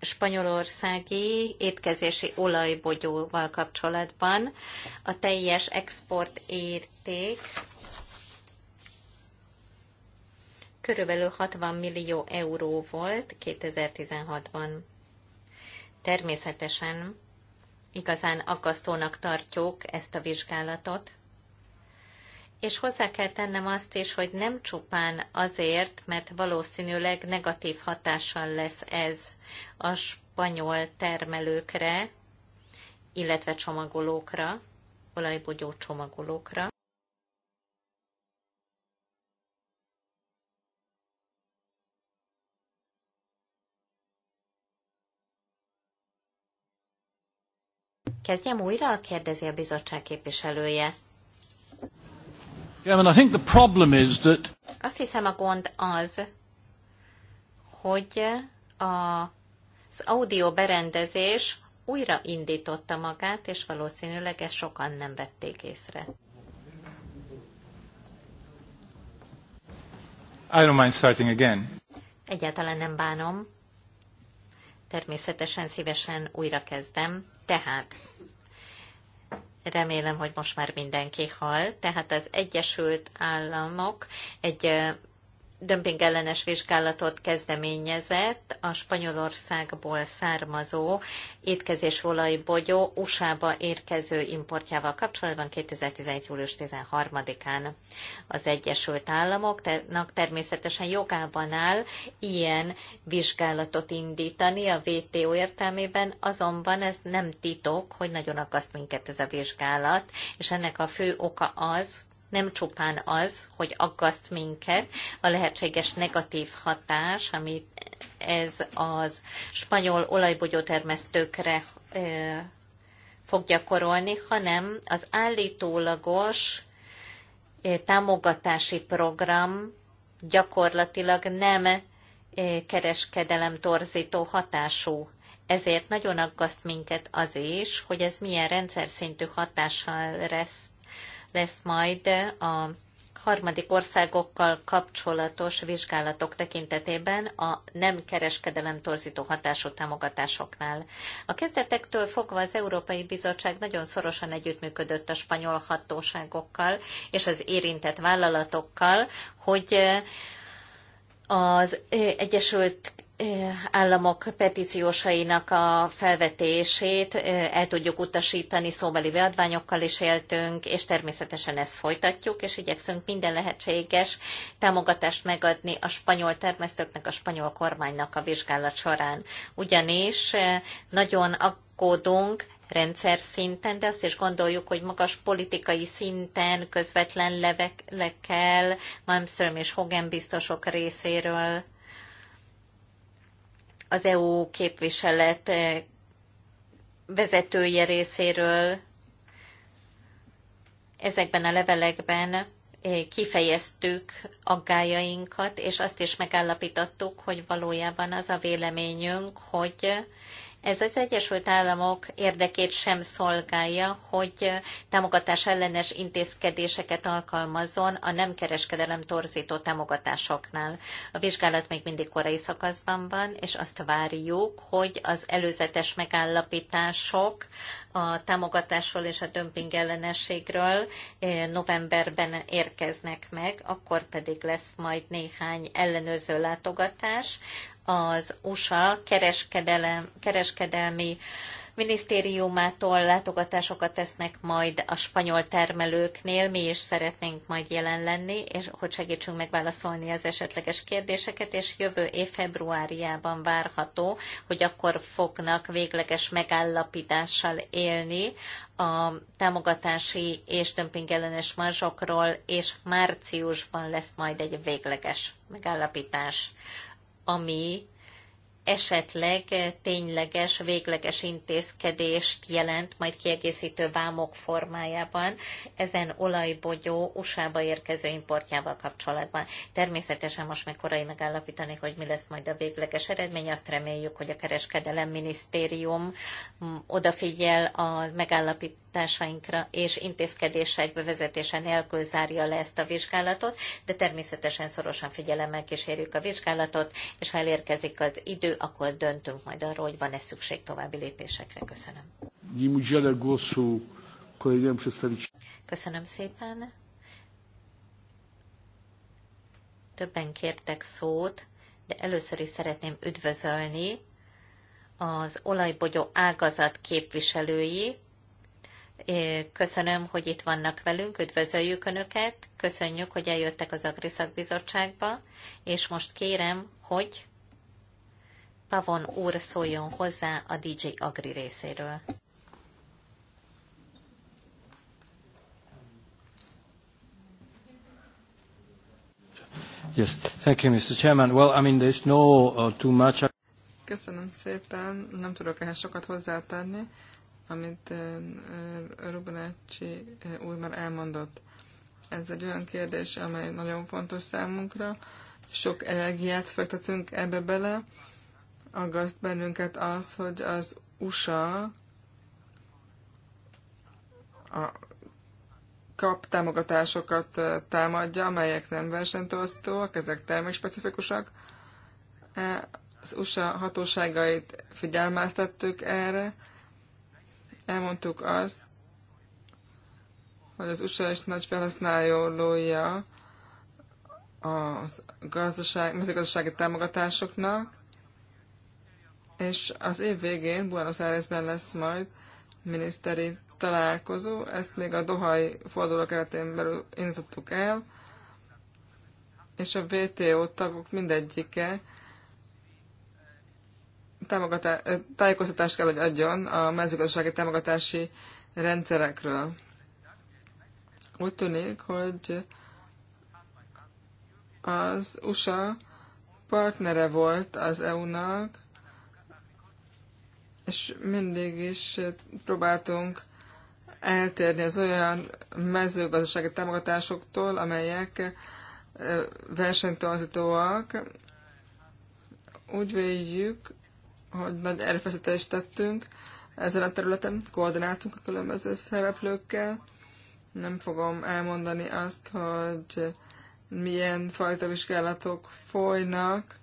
spanyolországi étkezési olajbogyóval kapcsolatban a teljes export érték körülbelül 60 millió euró volt 2016-ban. Természetesen igazán akasztónak tartjuk ezt a vizsgálatot, és hozzá kell tennem azt is, hogy nem csupán azért, mert valószínűleg negatív hatással lesz ez a spanyol termelőkre, illetve csomagolókra, olajbogyó csomagolókra. Kezdjem újra, kérdezi a bizottság képviselője is Azt hiszem a gond az, hogy a, eh, az audio berendezés újra indította magát, és valószínűleg ezt sokan nem vették észre. I don't mind starting again. Egyáltalán nem bánom. Természetesen szívesen újra kezdem. Tehát remélem, hogy most már mindenki hal, tehát az Egyesült Államok egy dömpingellenes vizsgálatot kezdeményezett a Spanyolországból származó étkezésolajbogyó USA-ba érkező importjával kapcsolatban 2011. július 13-án az Egyesült Államoknak természetesen jogában áll ilyen vizsgálatot indítani a WTO értelmében, azonban ez nem titok, hogy nagyon akaszt minket ez a vizsgálat, és ennek a fő oka az, nem csupán az, hogy aggaszt minket a lehetséges negatív hatás, amit ez az spanyol olajbogyótermesztőkre fog gyakorolni, hanem az állítólagos támogatási program gyakorlatilag nem kereskedelem torzító hatású. Ezért nagyon aggaszt minket az is, hogy ez milyen rendszer szintű hatással lesz lesz majd a harmadik országokkal kapcsolatos vizsgálatok tekintetében a nem kereskedelem torzító hatású támogatásoknál. A kezdetektől fogva az Európai Bizottság nagyon szorosan együttműködött a spanyol hatóságokkal és az érintett vállalatokkal, hogy az Egyesült államok petíciósainak a felvetését el tudjuk utasítani, szóbeli beadványokkal is éltünk, és természetesen ezt folytatjuk, és igyekszünk minden lehetséges támogatást megadni a spanyol termesztőknek, a spanyol kormánynak a vizsgálat során. Ugyanis nagyon aggódunk, rendszer szinten, de azt is gondoljuk, hogy magas politikai szinten közvetlen levekkel, Malmström és Hogan biztosok részéről az EU képviselet eh, vezetője részéről ezekben a levelekben eh, kifejeztük aggájainkat, és azt is megállapítottuk, hogy valójában az a véleményünk, hogy ez az Egyesült Államok érdekét sem szolgálja, hogy támogatás ellenes intézkedéseket alkalmazzon a nem kereskedelem torzító támogatásoknál. A vizsgálat még mindig korai szakaszban van, és azt várjuk, hogy az előzetes megállapítások a támogatásról és a dömping ellenességről eh, novemberben érkeznek meg, akkor pedig lesz majd néhány ellenőrző látogatás, az USA kereskedelem, kereskedelmi minisztériumától látogatásokat tesznek majd a spanyol termelőknél, mi is szeretnénk majd jelen lenni, és hogy segítsünk megválaszolni az esetleges kérdéseket, és jövő év februárjában várható, hogy akkor fognak végleges megállapítással élni a támogatási és dömpingellenes marzsokról, és márciusban lesz majd egy végleges megállapítás ami esetleg tényleges, végleges intézkedést jelent, majd kiegészítő vámok formájában ezen olajbogyó USA-ba érkező importjával kapcsolatban. Természetesen most még korai megállapítani, hogy mi lesz majd a végleges eredmény. Azt reméljük, hogy a kereskedelem minisztérium odafigyel a megállapításainkra és intézkedések bevezetése nélkül zárja le ezt a vizsgálatot, de természetesen szorosan figyelemmel kísérjük a vizsgálatot, és ha elérkezik az idő, akkor döntünk majd arról, hogy van-e szükség további lépésekre. Köszönöm. Köszönöm szépen. Többen kértek szót, de először is szeretném üdvözölni az olajbogyó ágazat képviselői. Köszönöm, hogy itt vannak velünk, üdvözöljük Önöket, köszönjük, hogy eljöttek az Agriszak Bizottságba, és most kérem, hogy Pavon úr szóljon hozzá a DJ Agri részéről. Yes, thank you, Mr. Chairman. Well, I mean, there's no uh, too much. Köszönöm szépen, nem tudok ehhez sokat hozzátenni, amit uh, uh Rubanácsi uh, úr már elmondott. Ez egy olyan kérdés, amely nagyon fontos számunkra. Sok energiát fektetünk ebbe bele, aggaszt bennünket az, hogy az USA a kap támogatásokat támadja, amelyek nem versenytolasztóak, ezek termékspecifikusak. E, az USA hatóságait figyelmeztettük erre. Elmondtuk azt, hogy az USA is nagy felhasználója a gazdaság, mezőgazdasági támogatásoknak, és az év végén Buenos Airesben lesz majd miniszteri találkozó, ezt még a Dohai forduló keretén belül indítottuk el, és a WTO tagok mindegyike tájékoztatást kell, hogy adjon a mezőgazdasági támogatási rendszerekről. Úgy tűnik, hogy az USA partnere volt az EU-nak, és mindig is próbáltunk eltérni az olyan mezőgazdasági támogatásoktól, amelyek versenytorzítóak. Úgy véljük, hogy nagy erőfeszítést tettünk ezen a területen, koordináltunk a különböző szereplőkkel. Nem fogom elmondani azt, hogy milyen fajta vizsgálatok folynak,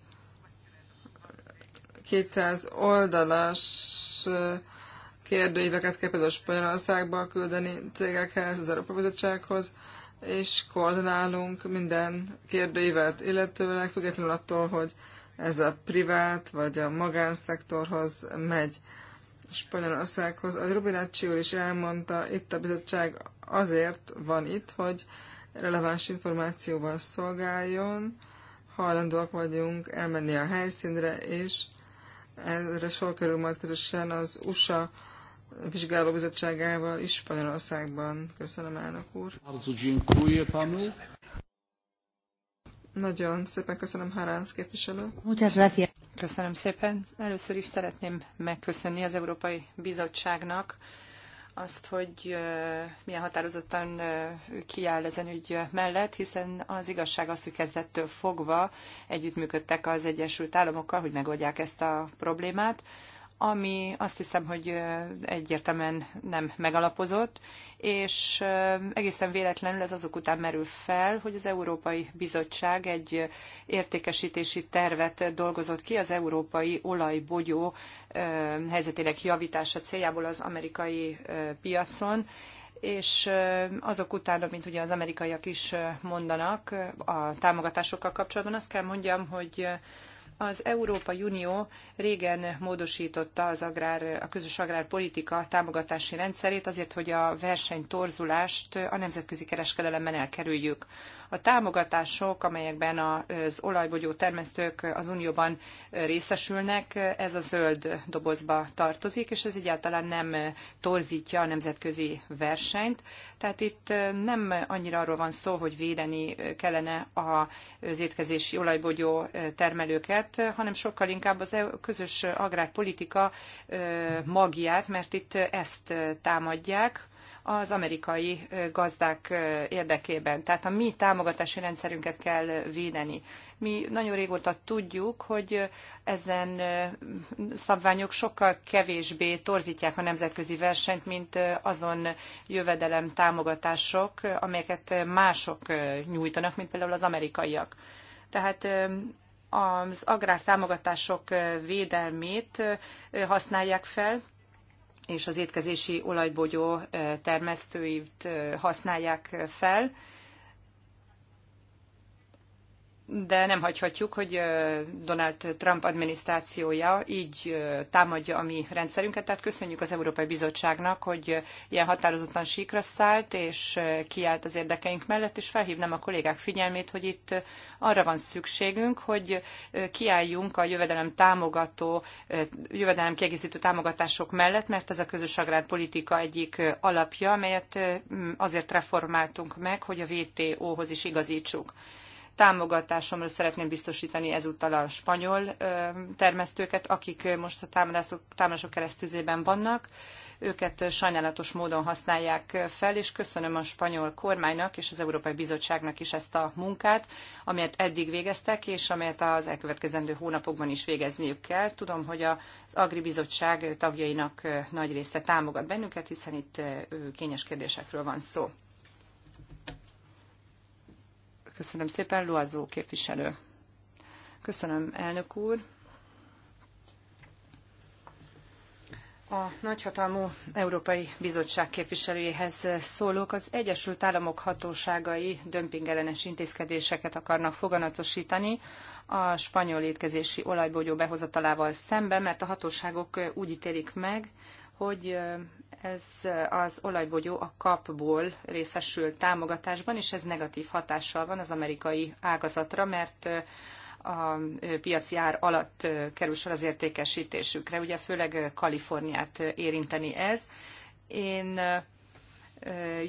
200 oldalas kérdőíveket kell például Spanyolországba küldeni cégekhez, az Európai Bizottsághoz, és koordinálunk minden kérdőívet, illetőleg függetlenül attól, hogy ez a privát vagy a magánszektorhoz megy. Spanyolországhoz. A Rubinácsi úr is elmondta, itt a bizottság azért van itt, hogy releváns információval szolgáljon, hajlandóak vagyunk elmenni a helyszínre, és erre sor kerül majd közösen az USA vizsgálóbizottságával is Spanyolországban. Köszönöm, elnök úr. Nagyon szépen köszönöm, Haránsz képviselő. Köszönöm szépen. Először is szeretném megköszönni az Európai Bizottságnak, azt, hogy milyen határozottan kiáll ezen ügy mellett, hiszen az igazság az, hogy kezdettől fogva együttműködtek az Egyesült Államokkal, hogy megoldják ezt a problémát ami azt hiszem, hogy egyértelműen nem megalapozott, és egészen véletlenül ez azok után merül fel, hogy az Európai Bizottság egy értékesítési tervet dolgozott ki az európai olajbogyó helyzetének javítása céljából az amerikai piacon, és azok után, amit ugye az amerikaiak is mondanak a támogatásokkal kapcsolatban, azt kell mondjam, hogy az Európai Unió régen módosította az agrár, a közös agrárpolitika támogatási rendszerét azért, hogy a versenytorzulást a nemzetközi kereskedelemben elkerüljük. A támogatások, amelyekben az olajbogyó termesztők az Unióban részesülnek, ez a zöld dobozba tartozik, és ez egyáltalán nem torzítja a nemzetközi versenyt. Tehát itt nem annyira arról van szó, hogy védeni kellene az étkezési olajbogyó termelőket, hanem sokkal inkább az e- közös agrárpolitika magját, mert itt ezt támadják, az amerikai gazdák érdekében. Tehát a mi támogatási rendszerünket kell védeni. Mi nagyon régóta tudjuk, hogy ezen szabványok sokkal kevésbé torzítják a nemzetközi versenyt, mint azon jövedelem támogatások, amelyeket mások nyújtanak, mint például az amerikaiak. Tehát az agrártámogatások védelmét használják fel, és az étkezési olajbogyó termesztőit használják fel, de nem hagyhatjuk, hogy Donald Trump adminisztrációja így támadja a mi rendszerünket. Tehát köszönjük az Európai Bizottságnak, hogy ilyen határozottan síkra szállt, és kiállt az érdekeink mellett, és felhívnám a kollégák figyelmét, hogy itt arra van szükségünk, hogy kiálljunk a jövedelem támogató, jövedelem kiegészítő támogatások mellett, mert ez a közös agrárpolitika egyik alapja, amelyet azért reformáltunk meg, hogy a WTO-hoz is igazítsuk. Támogatásomra szeretném biztosítani ezúttal a spanyol termesztőket, akik most a támadások, támadások keresztüzében vannak. Őket sajnálatos módon használják fel, és köszönöm a spanyol kormánynak és az Európai Bizottságnak is ezt a munkát, amelyet eddig végeztek, és amelyet az elkövetkezendő hónapokban is végezniük kell. Tudom, hogy az Agri Bizottság tagjainak nagy része támogat bennünket, hiszen itt kényes kérdésekről van szó. Köszönöm szépen, Loazó képviselő. Köszönöm, elnök úr. A nagyhatalmú Európai Bizottság képviselőjéhez szólók az Egyesült Államok hatóságai dömpingellenes intézkedéseket akarnak foganatosítani a spanyol étkezési olajbogyó behozatalával szemben, mert a hatóságok úgy ítélik meg, hogy ez az olajbogyó a kapból részesül támogatásban, és ez negatív hatással van az amerikai ágazatra, mert a piaci ár alatt kerül sor az értékesítésükre, ugye főleg Kaliforniát érinteni ez. Én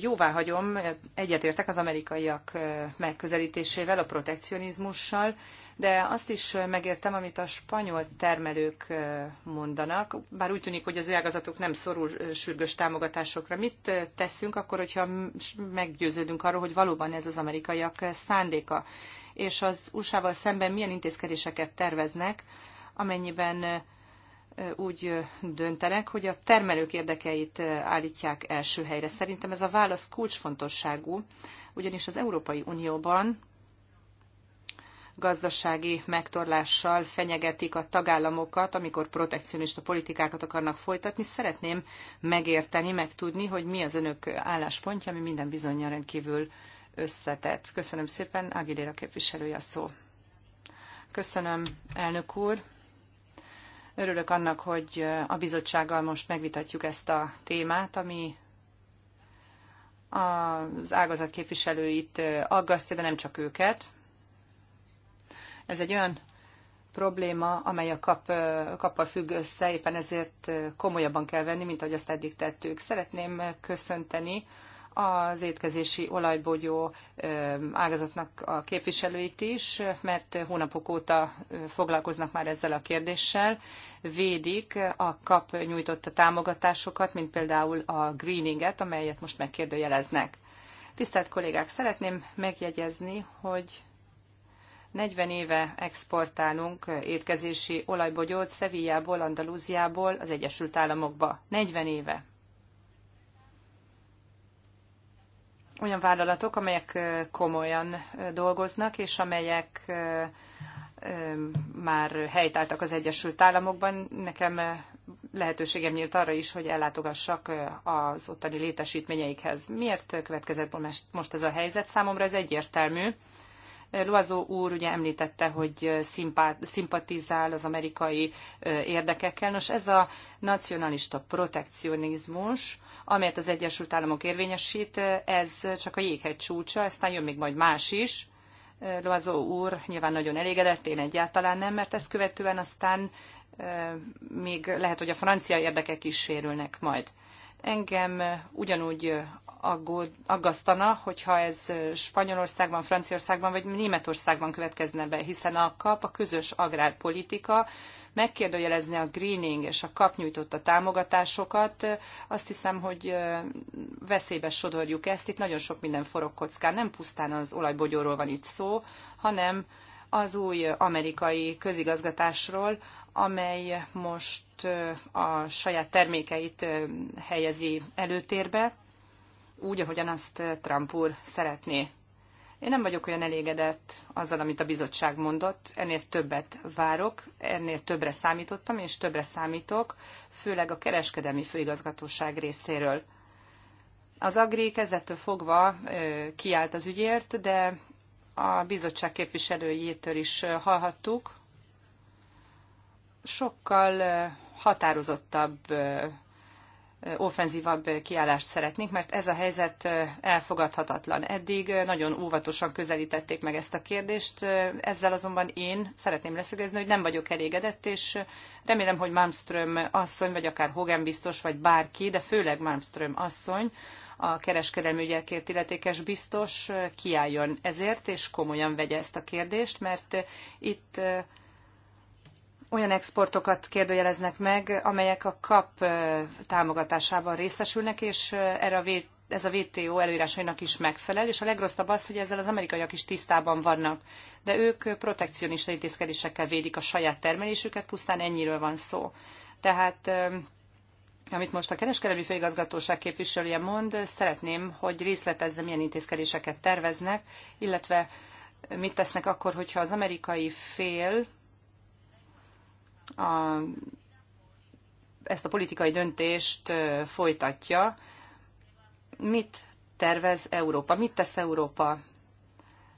jóvá hagyom, egyetértek az amerikaiak megközelítésével, a protekcionizmussal, de azt is megértem, amit a spanyol termelők mondanak, bár úgy tűnik, hogy az ő nem szorul sürgős támogatásokra. Mit teszünk akkor, hogyha meggyőződünk arról, hogy valóban ez az amerikaiak szándéka, és az USA-val szemben milyen intézkedéseket terveznek, amennyiben úgy döntenek, hogy a termelők érdekeit állítják első helyre. Szerintem ez a válasz kulcsfontosságú, ugyanis az Európai Unióban gazdasági megtorlással fenyegetik a tagállamokat, amikor protekcionista politikákat akarnak folytatni. Szeretném megérteni, megtudni, hogy mi az önök álláspontja, ami minden bizonyan rendkívül összetett. Köszönöm szépen, Ágidéra képviselője a szó. Köszönöm, elnök úr. Örülök annak, hogy a bizottsággal most megvitatjuk ezt a témát, ami az ágazat képviselőit aggasztja, de nem csak őket. Ez egy olyan probléma, amely a kap, kappal függ össze, éppen ezért komolyabban kell venni, mint ahogy azt eddig tettük. Szeretném köszönteni az étkezési olajbogyó ágazatnak a képviselőit is, mert hónapok óta foglalkoznak már ezzel a kérdéssel, védik a kap nyújtotta támogatásokat, mint például a greeninget, amelyet most megkérdőjeleznek. Tisztelt kollégák, szeretném megjegyezni, hogy 40 éve exportálunk étkezési olajbogyót Szevillából, Andalúziából az Egyesült Államokba. 40 éve. olyan vállalatok, amelyek komolyan dolgoznak, és amelyek már helytáltak az Egyesült Államokban. Nekem lehetőségem nyílt arra is, hogy ellátogassak az ottani létesítményeikhez. Miért következett most ez a helyzet? Számomra ez egyértelmű. Loazó úr ugye említette, hogy szimpatizál az amerikai érdekekkel. Nos, ez a nacionalista protekcionizmus, amelyet az Egyesült Államok érvényesít, ez csak a jéghegy csúcsa, aztán jön még majd más is. Loazó úr nyilván nagyon elégedett, én egyáltalán nem, mert ezt követően aztán még lehet, hogy a francia érdekek is sérülnek majd. Engem ugyanúgy aggód, aggasztana, hogyha ez Spanyolországban, Franciaországban vagy Németországban következne be, hiszen a kap, a közös agrárpolitika megkérdőjelezni a greening és a kap nyújtotta támogatásokat. Azt hiszem, hogy veszélybe sodorjuk ezt. Itt nagyon sok minden forog kockán. Nem pusztán az olajbogyóról van itt szó, hanem az új amerikai közigazgatásról, amely most a saját termékeit helyezi előtérbe, úgy, ahogyan azt eh, Trump úr szeretné. Én nem vagyok olyan elégedett azzal, amit a bizottság mondott. Ennél többet várok, ennél többre számítottam, és többre számítok, főleg a kereskedelmi főigazgatóság részéről. Az Agri kezdettől fogva eh, kiállt az ügyért, de a bizottság képviselőjétől is eh, hallhattuk, sokkal határozottabb offenzívabb kiállást szeretnénk, mert ez a helyzet elfogadhatatlan. Eddig nagyon óvatosan közelítették meg ezt a kérdést, ezzel azonban én szeretném leszögezni, hogy nem vagyok elégedett, és remélem, hogy Malmström asszony, vagy akár Hogan biztos, vagy bárki, de főleg Malmström asszony, a kereskedelmi ügyekért illetékes biztos kiálljon ezért, és komolyan vegye ezt a kérdést, mert itt olyan exportokat kérdőjeleznek meg, amelyek a KAP támogatásában részesülnek, és erre a vét ez a WTO előírásainak is megfelel, és a legrosszabb az, hogy ezzel az amerikaiak is tisztában vannak. De ők protekcionista intézkedésekkel védik a saját termelésüket, pusztán ennyiről van szó. Tehát amit most a kereskedelmi főigazgatóság képviselője mond, szeretném, hogy részletezze, milyen intézkedéseket terveznek, illetve mit tesznek akkor, hogyha az amerikai fél a, ezt a politikai döntést folytatja. Mit tervez Európa? Mit tesz Európa?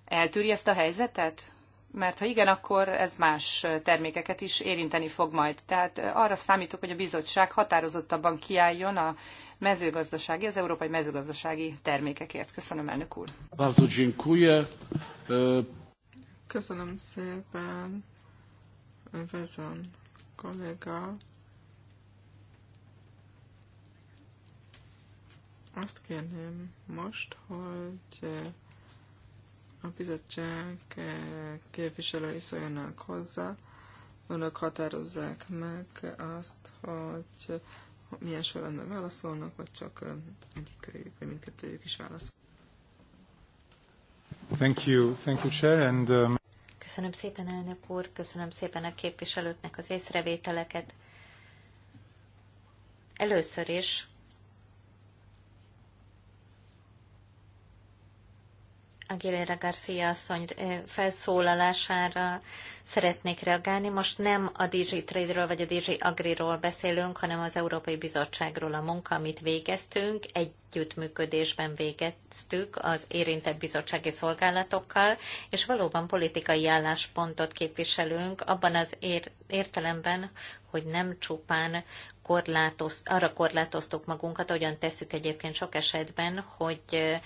Eltűri ezt a helyzetet? Mert ha igen, akkor ez más termékeket is érinteni fog majd. Tehát arra számítok, hogy a bizottság határozottabban kiálljon a mezőgazdasági, az európai mezőgazdasági termékekért. Köszönöm, elnök úr. E, Köszönöm szépen. Vezon kollega azt kérném most, hogy eh, a bizottság eh, képviselői szóljanak hozzá, önök határozzák meg azt, hogy milyen sorrendben válaszolnak, vagy csak eh, egyikőjük, vagy mindkettőjük is válaszol. Thank you, thank you, Chair, and um... Köszönöm szépen, elnök úr, köszönöm szépen a képviselőknek az észrevételeket. Először is Aguilera Garcia asszony felszólalására szeretnék reagálni. Most nem a DG Trade-ről vagy a DG Agri-ról beszélünk, hanem az Európai Bizottságról a munka, amit végeztünk, együttműködésben végeztük az érintett bizottsági szolgálatokkal, és valóban politikai álláspontot képviselünk abban az ér- értelemben, hogy nem csupán korlátoz, arra korlátoztuk magunkat, ahogyan tesszük egyébként sok esetben, hogy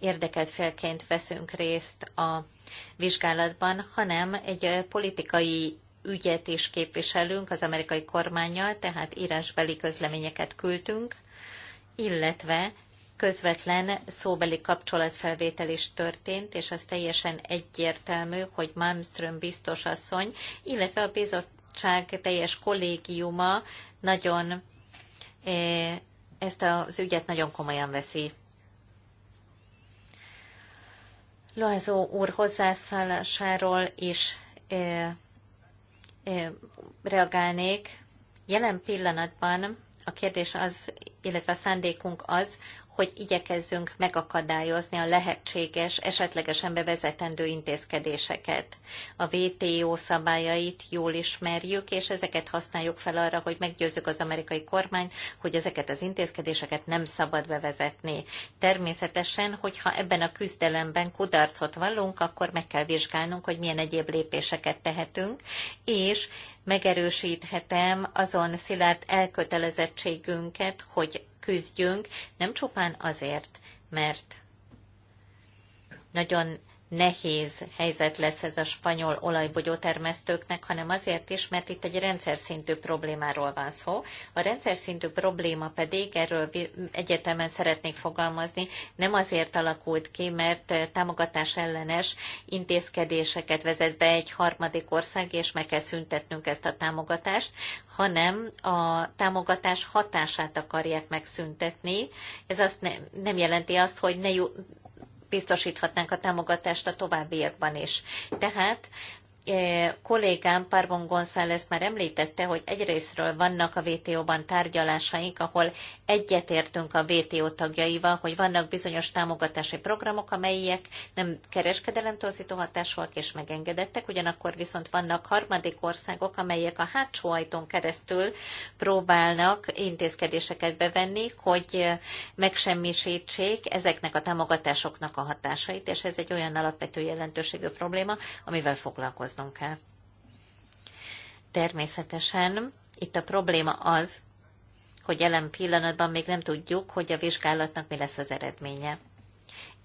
érdekelt félként veszünk részt a vizsgálatban, hanem egy politikai ügyet is képviselünk az amerikai kormányjal, tehát írásbeli közleményeket küldtünk, illetve közvetlen szóbeli kapcsolatfelvétel is történt, és az teljesen egyértelmű, hogy Malmström biztos asszony, illetve a bizottság teljes kollégiuma nagyon eh, ezt az ügyet nagyon komolyan veszi. Loazó úr hozzászállásáról is ö, ö, reagálnék. Jelen pillanatban a kérdés az, illetve a szándékunk az, hogy igyekezzünk megakadályozni a lehetséges, esetlegesen bevezetendő intézkedéseket. A WTO szabályait jól ismerjük, és ezeket használjuk fel arra, hogy meggyőzzük az amerikai kormány, hogy ezeket az intézkedéseket nem szabad bevezetni. Természetesen, hogyha ebben a küzdelemben kudarcot vallunk, akkor meg kell vizsgálnunk, hogy milyen egyéb lépéseket tehetünk, és megerősíthetem azon szilárd elkötelezettségünket, hogy küzdjünk, nem csupán azért, mert nagyon nehéz helyzet lesz ez a spanyol olajbogyótermesztőknek, hanem azért is, mert itt egy rendszer szintű problémáról van szó. A rendszer szintű probléma pedig, erről egyetemen szeretnék fogalmazni, nem azért alakult ki, mert eh, támogatás ellenes intézkedéseket vezet be egy harmadik ország, és meg kell szüntetnünk ezt a támogatást, hanem a támogatás hatását akarják megszüntetni. Ez azt ne, nem jelenti azt, hogy ne biztosíthatnánk a támogatást a továbbiakban is. Tehát Eh, kollégám Parvon González már említette, hogy egyrésztről vannak a WTO-ban tárgyalásaink, ahol egyetértünk a WTO tagjaival, hogy vannak bizonyos támogatási programok, amelyek nem kereskedelemtorzító hatásúak és megengedettek, ugyanakkor viszont vannak harmadik országok, amelyek a hátsó ajtón keresztül próbálnak intézkedéseket bevenni, hogy megsemmisítsék ezeknek a támogatásoknak a hatásait, és ez egy olyan alapvető jelentőségű probléma, amivel foglalkozunk foglalkoznunk kell. Természetesen itt a probléma az, hogy jelen pillanatban még nem tudjuk, hogy a vizsgálatnak mi lesz az eredménye.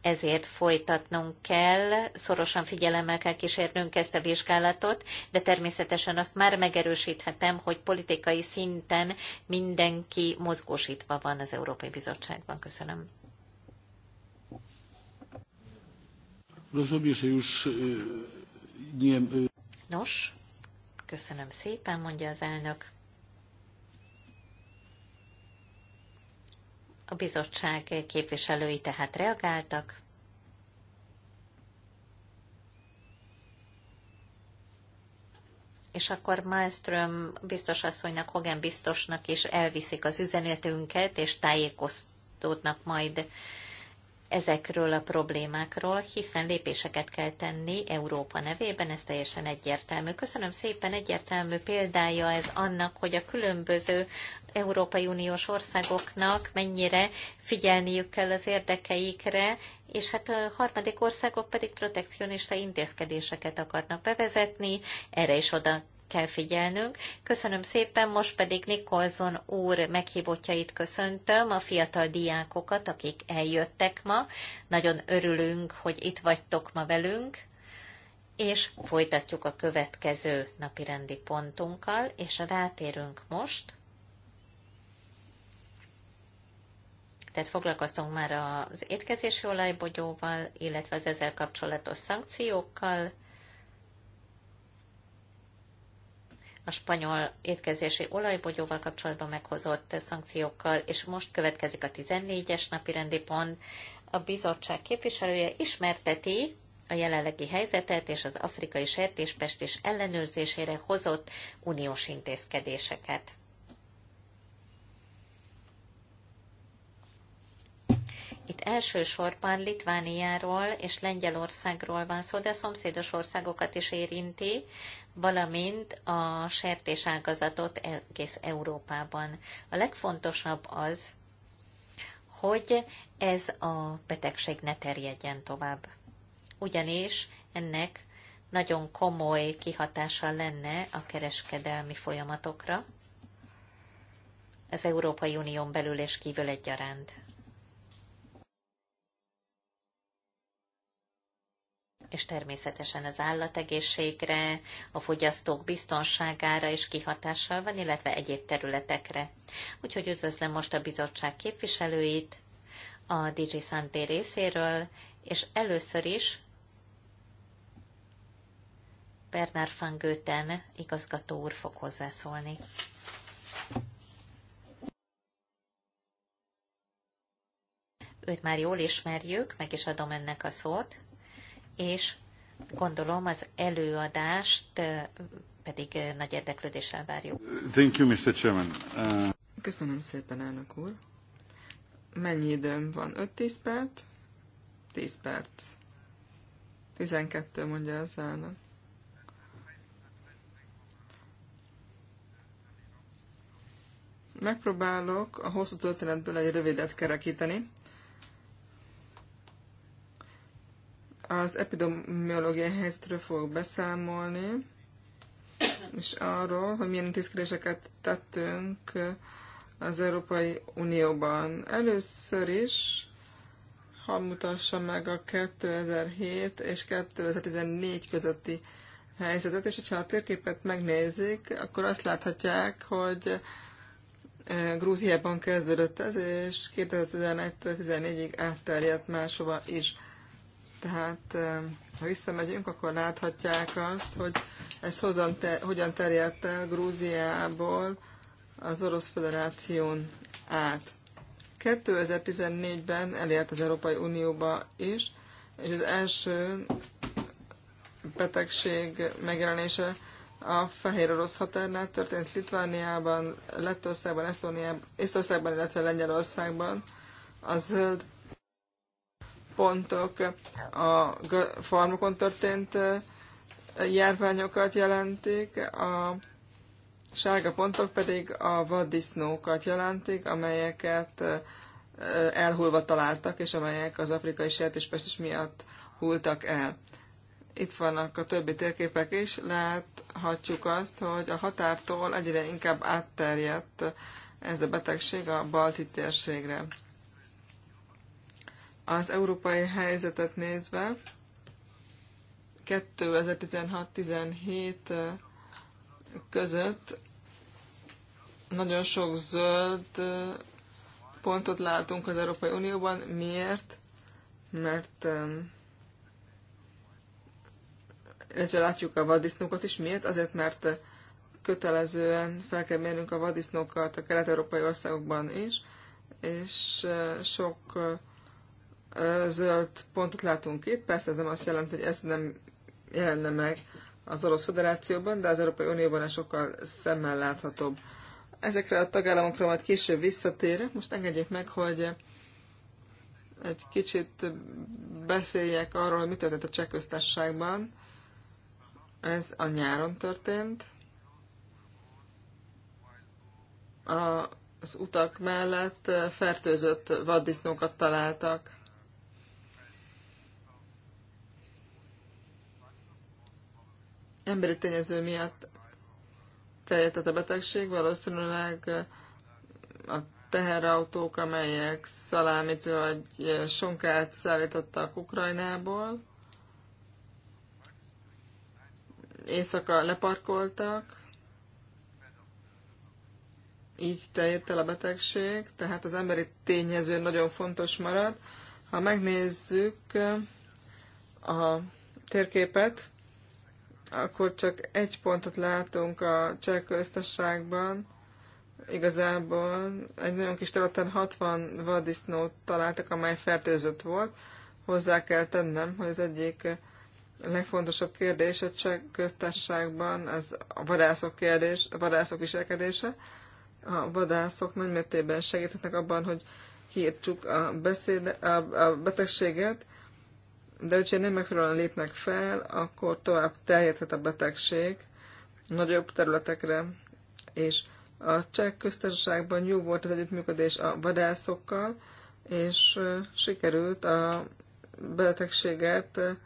Ezért folytatnunk kell, szorosan figyelemmel kell kísérnünk ezt a vizsgálatot, de természetesen azt már megerősíthetem, hogy politikai szinten mindenki mozgósítva van az Európai Bizottságban. Köszönöm. Rozumiem, Nos, köszönöm szépen, mondja az elnök. A bizottság képviselői tehát reagáltak. És akkor Malmström biztos asszonynak, Hogan biztosnak is elviszik az üzenetünket, és tájékoztatnak majd ezekről a problémákról, hiszen lépéseket kell tenni Európa nevében, ez teljesen egyértelmű. Köszönöm szépen, egyértelmű példája ez annak, hogy a különböző Európai Uniós országoknak mennyire figyelniük kell az érdekeikre, és hát a harmadik országok pedig protekcionista intézkedéseket akarnak bevezetni, erre is oda kell figyelnünk. Köszönöm szépen, most pedig Nikolzon úr meghívottjait köszöntöm, a fiatal diákokat, akik eljöttek ma. Nagyon örülünk, hogy itt vagytok ma velünk, és folytatjuk a következő napirendi pontunkkal, és rátérünk most. Tehát foglalkoztunk már az étkezési olajbogyóval, illetve az ezzel kapcsolatos szankciókkal, a spanyol étkezési olajbogyóval kapcsolatban meghozott szankciókkal, és most következik a 14-es napi rendi pont. A bizottság képviselője ismerteti a jelenlegi helyzetet és az afrikai sertéspest és ellenőrzésére hozott uniós intézkedéseket. Itt elsősorban Litvániáról és Lengyelországról van szó, de a szomszédos országokat is érinti, valamint a sertéságazatot egész Európában. A legfontosabb az, hogy ez a betegség ne terjedjen tovább. Ugyanis ennek nagyon komoly kihatása lenne a kereskedelmi folyamatokra, az Európai Unión belül és kívül egyaránt. és természetesen az állategészségre, a fogyasztók biztonságára is kihatással van, illetve egyéb területekre. Úgyhogy üdvözlöm most a bizottság képviselőit a DG Santé részéről, és először is Bernard van Göten igazgató úr fog hozzászólni. Őt már jól ismerjük, meg is adom ennek a szót és gondolom az előadást pedig nagy érdeklődéssel várjuk. Thank you, Mr. Chairman. Uh... Köszönöm szépen, elnök úr. Mennyi időm van? 5-10 perc? 10 perc. 12 mondja az elnök. Megpróbálok a hosszú történetből egy rövidet kerekíteni. az epidemiológiai helyzetről fogok beszámolni, és arról, hogy milyen intézkedéseket tettünk az Európai Unióban. Először is, ha mutassa meg a 2007 és 2014 közötti helyzetet, és ha a térképet megnézik, akkor azt láthatják, hogy Grúziában kezdődött ez, és 2011-től 14-ig elterjedt máshova is. Tehát ha visszamegyünk, akkor láthatják azt, hogy ez hozan te, hogyan terjedt el Grúziából az Orosz Föderáción át. 2014-ben elért az Európai Unióba is, és az első betegség megjelenése a fehér orosz határnál történt Litvániában, Lettországban, Esztóniában, Észtországban, illetve Lengyelországban. A zöld pontok a farmokon történt járványokat jelentik, a sárga pontok pedig a vaddisznókat jelentik, amelyeket elhulva találtak, és amelyek az afrikai sertéspestis miatt hultak el. Itt vannak a többi térképek is, láthatjuk azt, hogy a határtól egyre inkább átterjedt ez a betegség a balti térségre az európai helyzetet nézve 2016-17 eh, között nagyon sok zöld eh, pontot látunk az Európai Unióban. Miért? Mert illetve látjuk a vadisznókat is. Miért? Azért, mert eh, kötelezően fel kell mérnünk a vadisznókat a kelet-európai országokban is, és sok zöld pontot látunk itt, persze ez nem azt jelenti, hogy ez nem jelenne meg az Orosz Föderációban, de az Európai Unióban ez sokkal szemmel láthatóbb. Ezekre a tagállamokra majd később visszatérek. Most engedjék meg, hogy egy kicsit beszéljek arról, hogy mi történt a cseh köztársaságban. Ez a nyáron történt. A, az utak mellett fertőzött vaddisznókat találtak. emberi tényező miatt terjedt a betegség, valószínűleg a teherautók, amelyek szalámit vagy sonkát szállítottak Ukrajnából, éjszaka leparkoltak, így terjedt el a betegség, tehát az emberi tényező nagyon fontos marad. Ha megnézzük a térképet, akkor csak egy pontot látunk a cseh köztesságban. Igazából egy nagyon kis területen 60 vadisznót találtak, amely fertőzött volt. Hozzá kell tennem, hogy az egyik legfontosabb kérdés a cseh köztársaságban az a vadászok kérdés, a vadászok viselkedése. A vadászok nagymértékben segíthetnek abban, hogy kiírtsuk a, beszéde, a, a betegséget, de hogyha nem megfelelően lépnek fel, akkor tovább terjedhet a betegség nagyobb területekre, és a cseh köztársaságban jó volt az együttműködés a vadászokkal, és sikerült a betegséget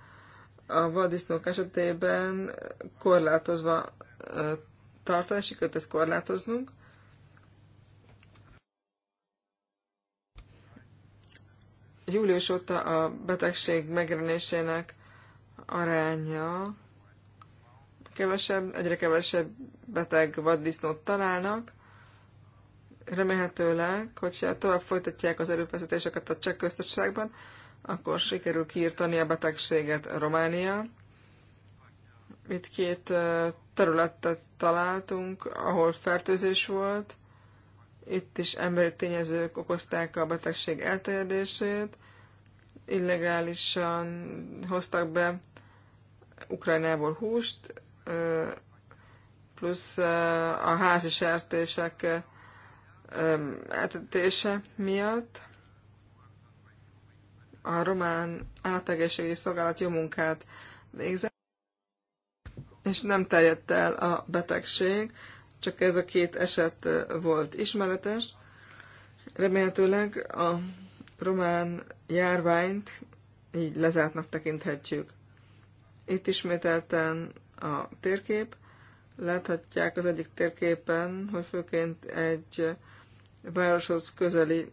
a vaddisznók esetében korlátozva tartani, sikerült ezt korlátoznunk, július óta a betegség megjelenésének aránya kevesebb, egyre kevesebb beteg vaddisznót találnak. Remélhetőleg, hogyha tovább folytatják az erőfeszítéseket a cseh köztársaságban, akkor sikerül kiirtani a betegséget a Románia. Itt két területet találtunk, ahol fertőzés volt, itt is emberi tényezők okozták a betegség elterjedését, illegálisan hoztak be Ukrajnából húst, plusz a házi sertések eltetése miatt a román állategészségi szolgálat jó munkát végzett, és nem terjedt el a betegség csak ez a két eset volt ismeretes. Remélhetőleg a román járványt így lezártnak tekinthetjük. Itt ismételten a térkép. Láthatják az egyik térképen, hogy főként egy városhoz közeli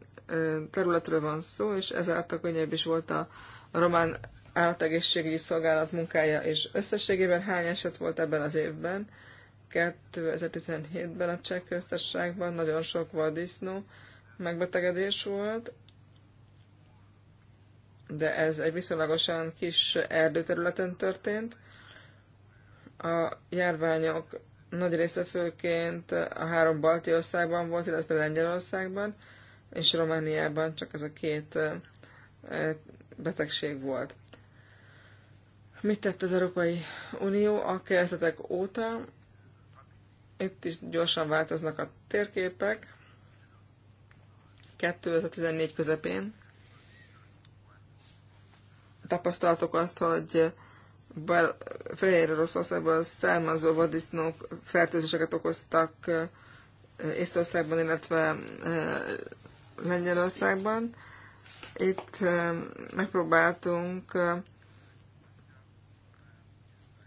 területről van szó, és ezáltal könnyebb is volt a román állategészségügyi szolgálat munkája, és összességében hány eset volt ebben az évben? 2017-ben a cseh köztársaságban nagyon sok vaddisznó megbetegedés volt, de ez egy viszonylagosan kis erdőterületen történt. A járványok nagy része főként a három balti országban volt, illetve Lengyelországban, és Romániában csak ez a két betegség volt. Mit tett az Európai Unió a kezdetek óta? Itt is gyorsan változnak a térképek. 2014 közepén tapasztaltuk azt, hogy Bel- Fehér Oroszországból származó vadisznók fertőzéseket okoztak eh, Észtországban, illetve eh, Lengyelországban. Itt eh, megpróbáltunk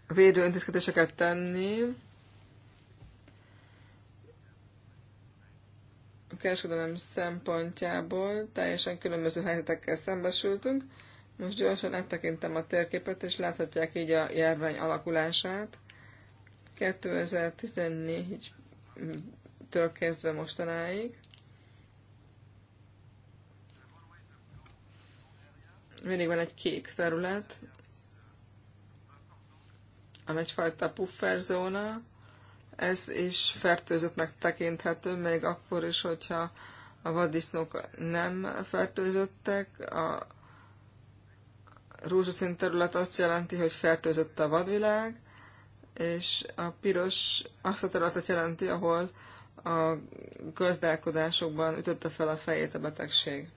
védőintézkedéseket tenni, kereskedelem szempontjából teljesen különböző helyzetekkel szembesültünk. Most gyorsan áttekintem a térképet, és láthatják így a járvány alakulását. 2014-től kezdve mostanáig. Mindig van egy kék terület, ami egyfajta pufferzóna, ez is fertőzöttnek tekinthető, még akkor is, hogyha a vaddisznók nem fertőzöttek. A rózsaszín terület azt jelenti, hogy fertőzött a vadvilág, és a piros azt a területet jelenti, ahol a gazdálkodásokban ütötte fel a fejét a betegség.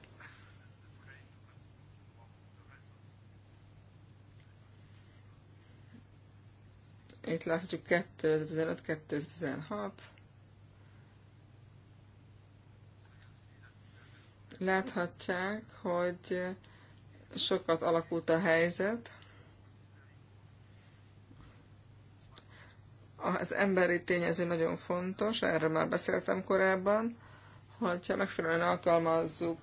Itt láthatjuk 2005 2016 Láthatják, hogy sokat alakult a helyzet. Az emberi tényező nagyon fontos, erről már beszéltem korábban, hogyha megfelelően alkalmazzuk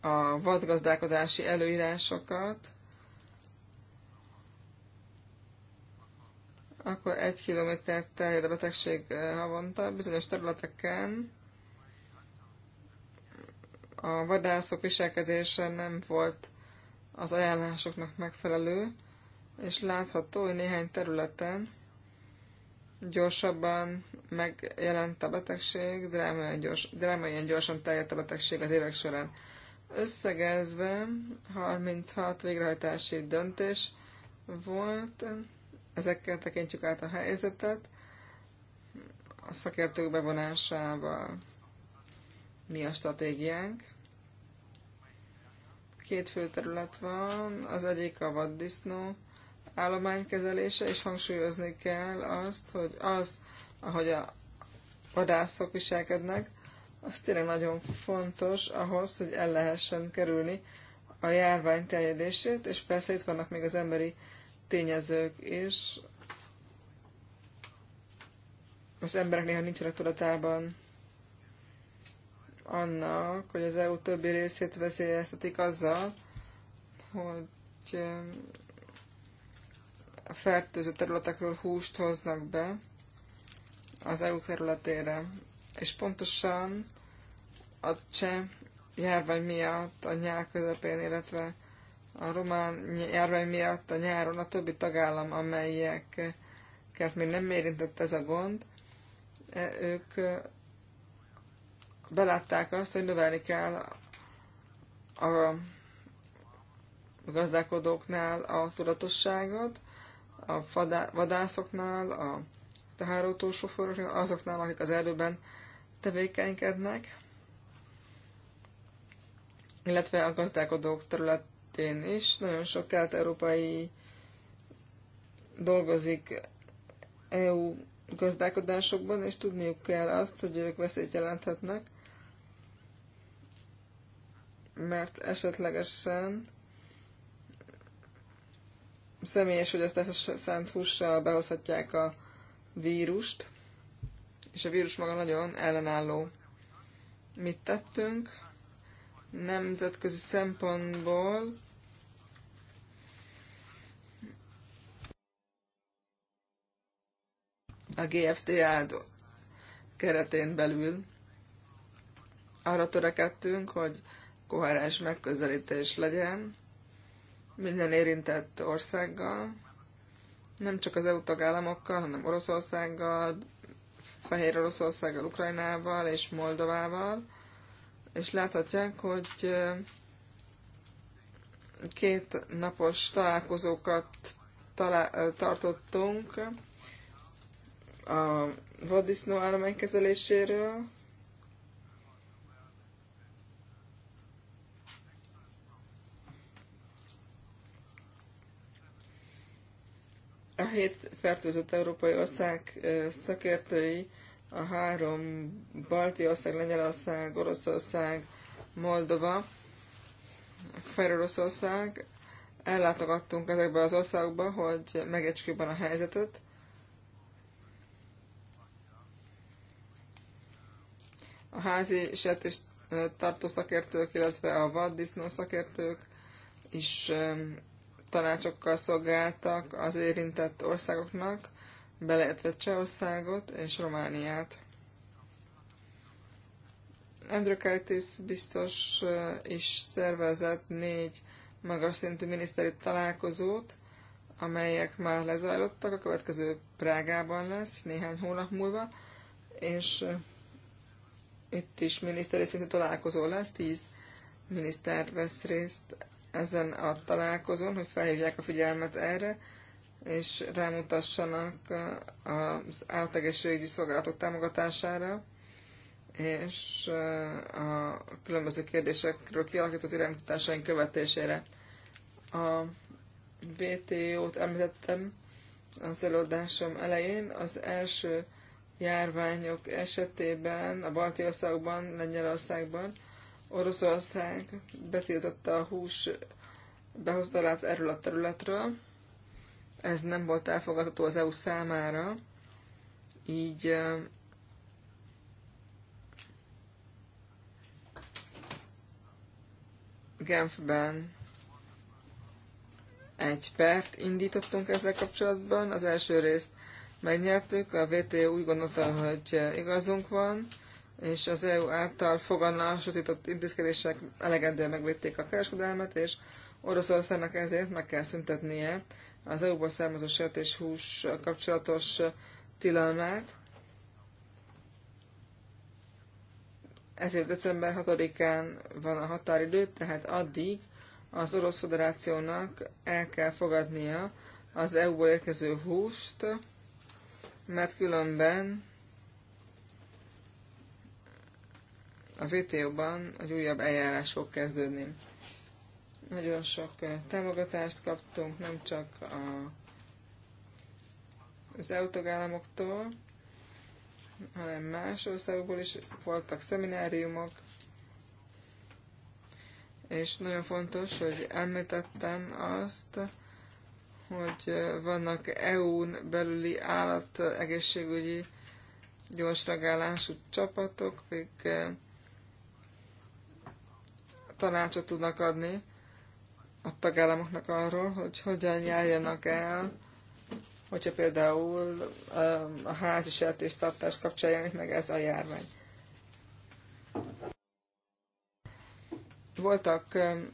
a vadgazdálkodási előírásokat, akkor egy kilométer terjed a betegség eh, havonta bizonyos területeken. A vadászok viselkedése nem volt az ajánlásoknak megfelelő, és látható, hogy néhány területen gyorsabban megjelent a betegség, drámaian, gyors, drámaian gyorsan terjedt a betegség az évek során. Összegezve 36 végrehajtási döntés volt, ezekkel tekintjük át a helyzetet a szakértők bevonásával. Mi a stratégiánk? Két fő terület van, az egyik a vaddisznó állománykezelése, és hangsúlyozni kell azt, hogy az, ahogy a vadászok viselkednek, az tényleg nagyon fontos ahhoz, hogy el lehessen kerülni a járvány terjedését, és persze itt vannak még az emberi tényezők is. Az emberek néha nincsenek tudatában annak, hogy az EU többi részét veszélyeztetik azzal, hogy a fertőző területekről húst hoznak be az EU területére és pontosan a cseh járvány miatt a nyár közepén, illetve a román járvány miatt a nyáron a többi tagállam, amelyeket még nem érintett ez a gond, e, ők e, belátták azt, hogy növelni kell a gazdálkodóknál a tudatosságot, a vadászoknál, a teherautósofőröknél, azoknál, akik az erdőben tevékenykednek, illetve a gazdálkodók területén is. Nagyon sok kelet-európai dolgozik EU gazdálkodásokban, és tudniuk kell azt, hogy ők veszélyt jelenthetnek, mert esetlegesen személyes a szent hússal behozhatják a vírust és a vírus maga nagyon ellenálló. Mit tettünk? Nemzetközi szempontból a áldó keretén belül arra törekedtünk, hogy koherens megközelítés legyen minden érintett országgal, nem csak az EU tagállamokkal, hanem Oroszországgal, Fehér Oroszországgal, Ukrajnával és Moldovával, és láthatják, hogy két napos találkozókat talá- tartottunk a vaddisznó állomány kezeléséről, hét fertőzött európai ország szakértői a három balti ország, Lengyelország, Oroszország, Moldova, Fejlőroszország, Ellátogattunk ezekbe az országokba, hogy jobban a helyzetet. A házi sertés tartó szakértők, illetve a vaddisznó szakértők is tanácsokkal szolgáltak az érintett országoknak, beleértve Csehországot és Romániát. Androkaitis biztos is szervezett négy magas szintű miniszteri találkozót, amelyek már lezajlottak, a következő Prágában lesz néhány hónap múlva, és itt is miniszteri szintű találkozó lesz, tíz miniszter vesz részt ezen a találkozón, hogy felhívják a figyelmet erre, és rámutassanak eh, az állategesőügyi szolgálatok támogatására, és eh, a különböző kérdésekről kialakított irányításaink követésére. A bto t említettem az előadásom elején. Az első járványok esetében a balti országban, Lengyelországban Oroszország betiltotta a hús behozdalát erről a területről. Ez nem volt elfogadható az EU számára, így Genfben egy pert indítottunk ezzel kapcsolatban. Az első részt megnyertük, a VT úgy gondolta, hogy igazunk van, és az EU által foganalmasított intézkedések elegendően megvédték a kereskedelmet, és Oroszországnak ezért meg kell szüntetnie az EU-ból származó sört és hús kapcsolatos tilalmát. Ezért december 6-án van a határidő, tehát addig az Orosz Föderációnak el kell fogadnia az EU-ból érkező húst, mert különben a VTO-ban egy újabb eljárás fog kezdődni. Nagyon sok eh, támogatást kaptunk, nem csak a, az EU tagállamoktól, hanem más országokból is voltak szemináriumok, és nagyon fontos, hogy említettem azt, hogy eh, vannak EU-n belüli állategészségügyi gyors csapatok, akik eh, tanácsot tudnak adni a tagállamoknak arról, hogy hogyan járjanak el, hogyha például um, a házi sertéstartás kapcsán jelenik meg ez a járvány. Voltak um,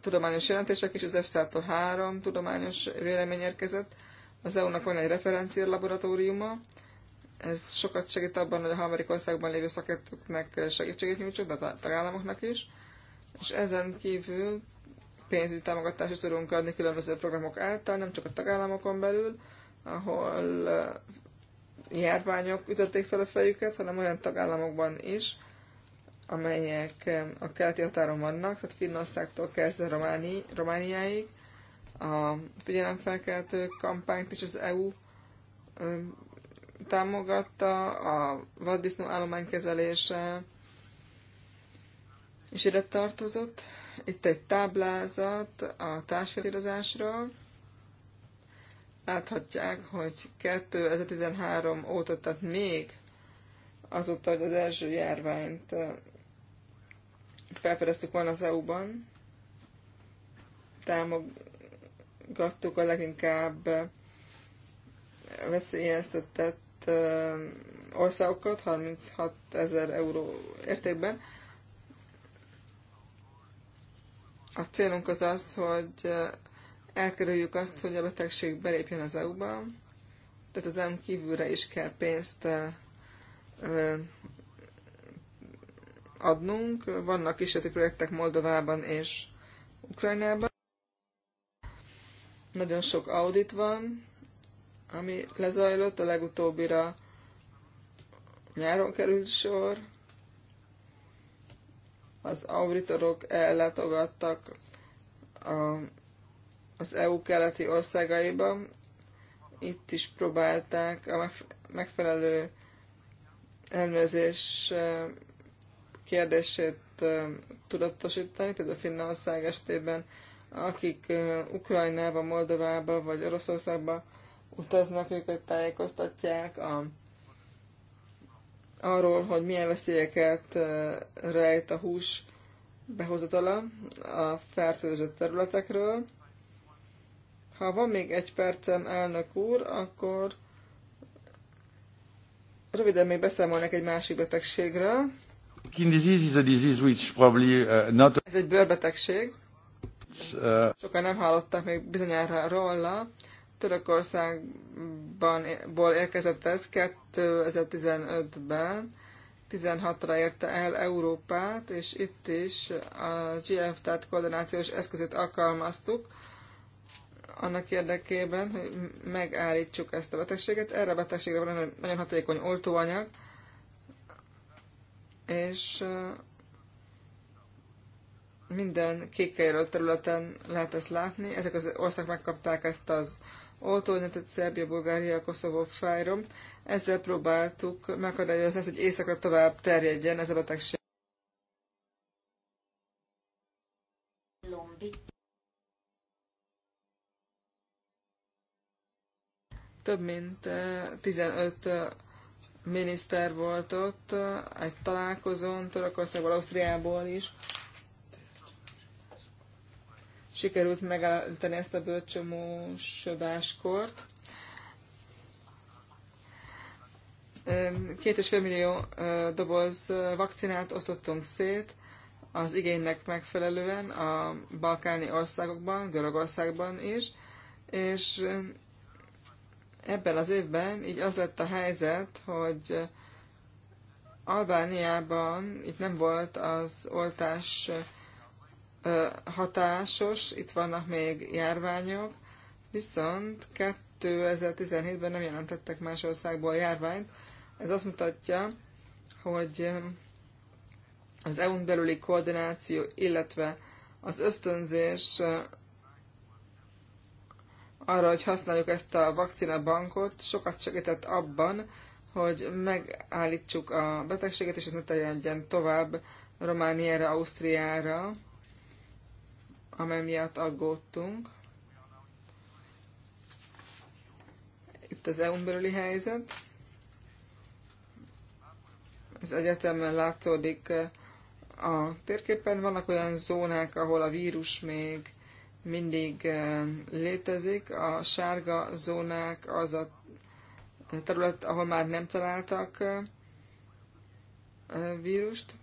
tudományos jelentések is, az EFSA-tól három tudományos vélemény érkezett. Az EU-nak van egy referencia laboratóriuma, ez sokat segít abban, hogy a harmadik országban lévő szakértőknek segítséget nyújtsuk, de a tagállamoknak is. És ezen kívül pénzügyi támogatást is tudunk adni különböző programok által, nem csak a tagállamokon belül, ahol eh, járványok ütötték fel a fejüket, hanem olyan tagállamokban is, amelyek eh, a keleti határon vannak, tehát Finnországtól kezdve Románi, Romániáig. A figyelemfelkeltő kampányt is az EU eh, támogatta, a vaddisznó állomány kezelése, és ide tartozott. Itt egy táblázat a társfinanszírozásról. Láthatják, hogy 2013 óta, tehát még azóta, hogy az első járványt felfedeztük volna az EU-ban, támogattuk a leginkább veszélyeztetett országokat 36 ezer euró értékben. A célunk az az, hogy elkerüljük azt, hogy a betegség belépjen az EU-ba, tehát az EU kívülre is kell pénzt adnunk. Vannak kísérleti projektek Moldovában és Ukrajnában. Nagyon sok audit van, ami lezajlott, a legutóbbira nyáron került sor. Az auditorok ellátogattak a, az EU keleti országaiba. Itt is próbálták a megfelelő ellenőrzés kérdését tudatosítani, például Finnország estében, akik Ukrajnába, Moldovába vagy Oroszországba utaznak, őket tájékoztatják a, arról, hogy milyen veszélyeket rejt a hús behozatala a fertőzött területekről. Ha van még egy percem, elnök úr, akkor röviden még beszámolnak egy másik betegségről. is a disease which probably uh, not... Ez egy bőrbetegség. Sokan nem hallottak még bizonyára róla. Törökországból érkezett ez 2015-ben, 16-ra érte el Európát, és itt is a GF, tehát koordinációs eszközét alkalmaztuk, annak érdekében, hogy megállítsuk ezt a betegséget. Erre a betegségre van nagyon hatékony oltóanyag, és minden kékkeljelölt területen lehet ezt látni. Ezek az ország megkapták ezt az oltóanyag, tehát Szerbia, Bulgária, Koszovó, Fájrom. Ezzel próbáltuk megakadályozni azt, hogy éjszakra tovább terjedjen ez a betegség. Lombi. Több mint 15 eh, eh, miniszter volt ott eh, egy találkozón, Törökországból, Ausztriából is sikerült megállítani ezt a bölcsomósodáskort. Két és fél millió doboz vakcinát osztottunk szét az igénynek megfelelően a balkáni országokban, Görögországban is, és ebben az évben így az lett a helyzet, hogy Albániában itt nem volt az oltás hatásos, itt vannak még járványok, viszont 2017-ben nem jelentettek más országból járványt. Ez azt mutatja, hogy az EU-n belüli koordináció, illetve az ösztönzés arra, hogy használjuk ezt a vakcinabankot, sokat segített abban, hogy megállítsuk a betegséget, és ez ne tovább Romániára, Ausztriára, amely miatt aggódtunk. Itt az EU-n belüli helyzet. Ez egyetemben látszódik eh, a térképen. Vannak olyan zónák, ahol a vírus még mindig eh, létezik. A sárga zónák az a terület, ahol már nem találtak eh, vírust.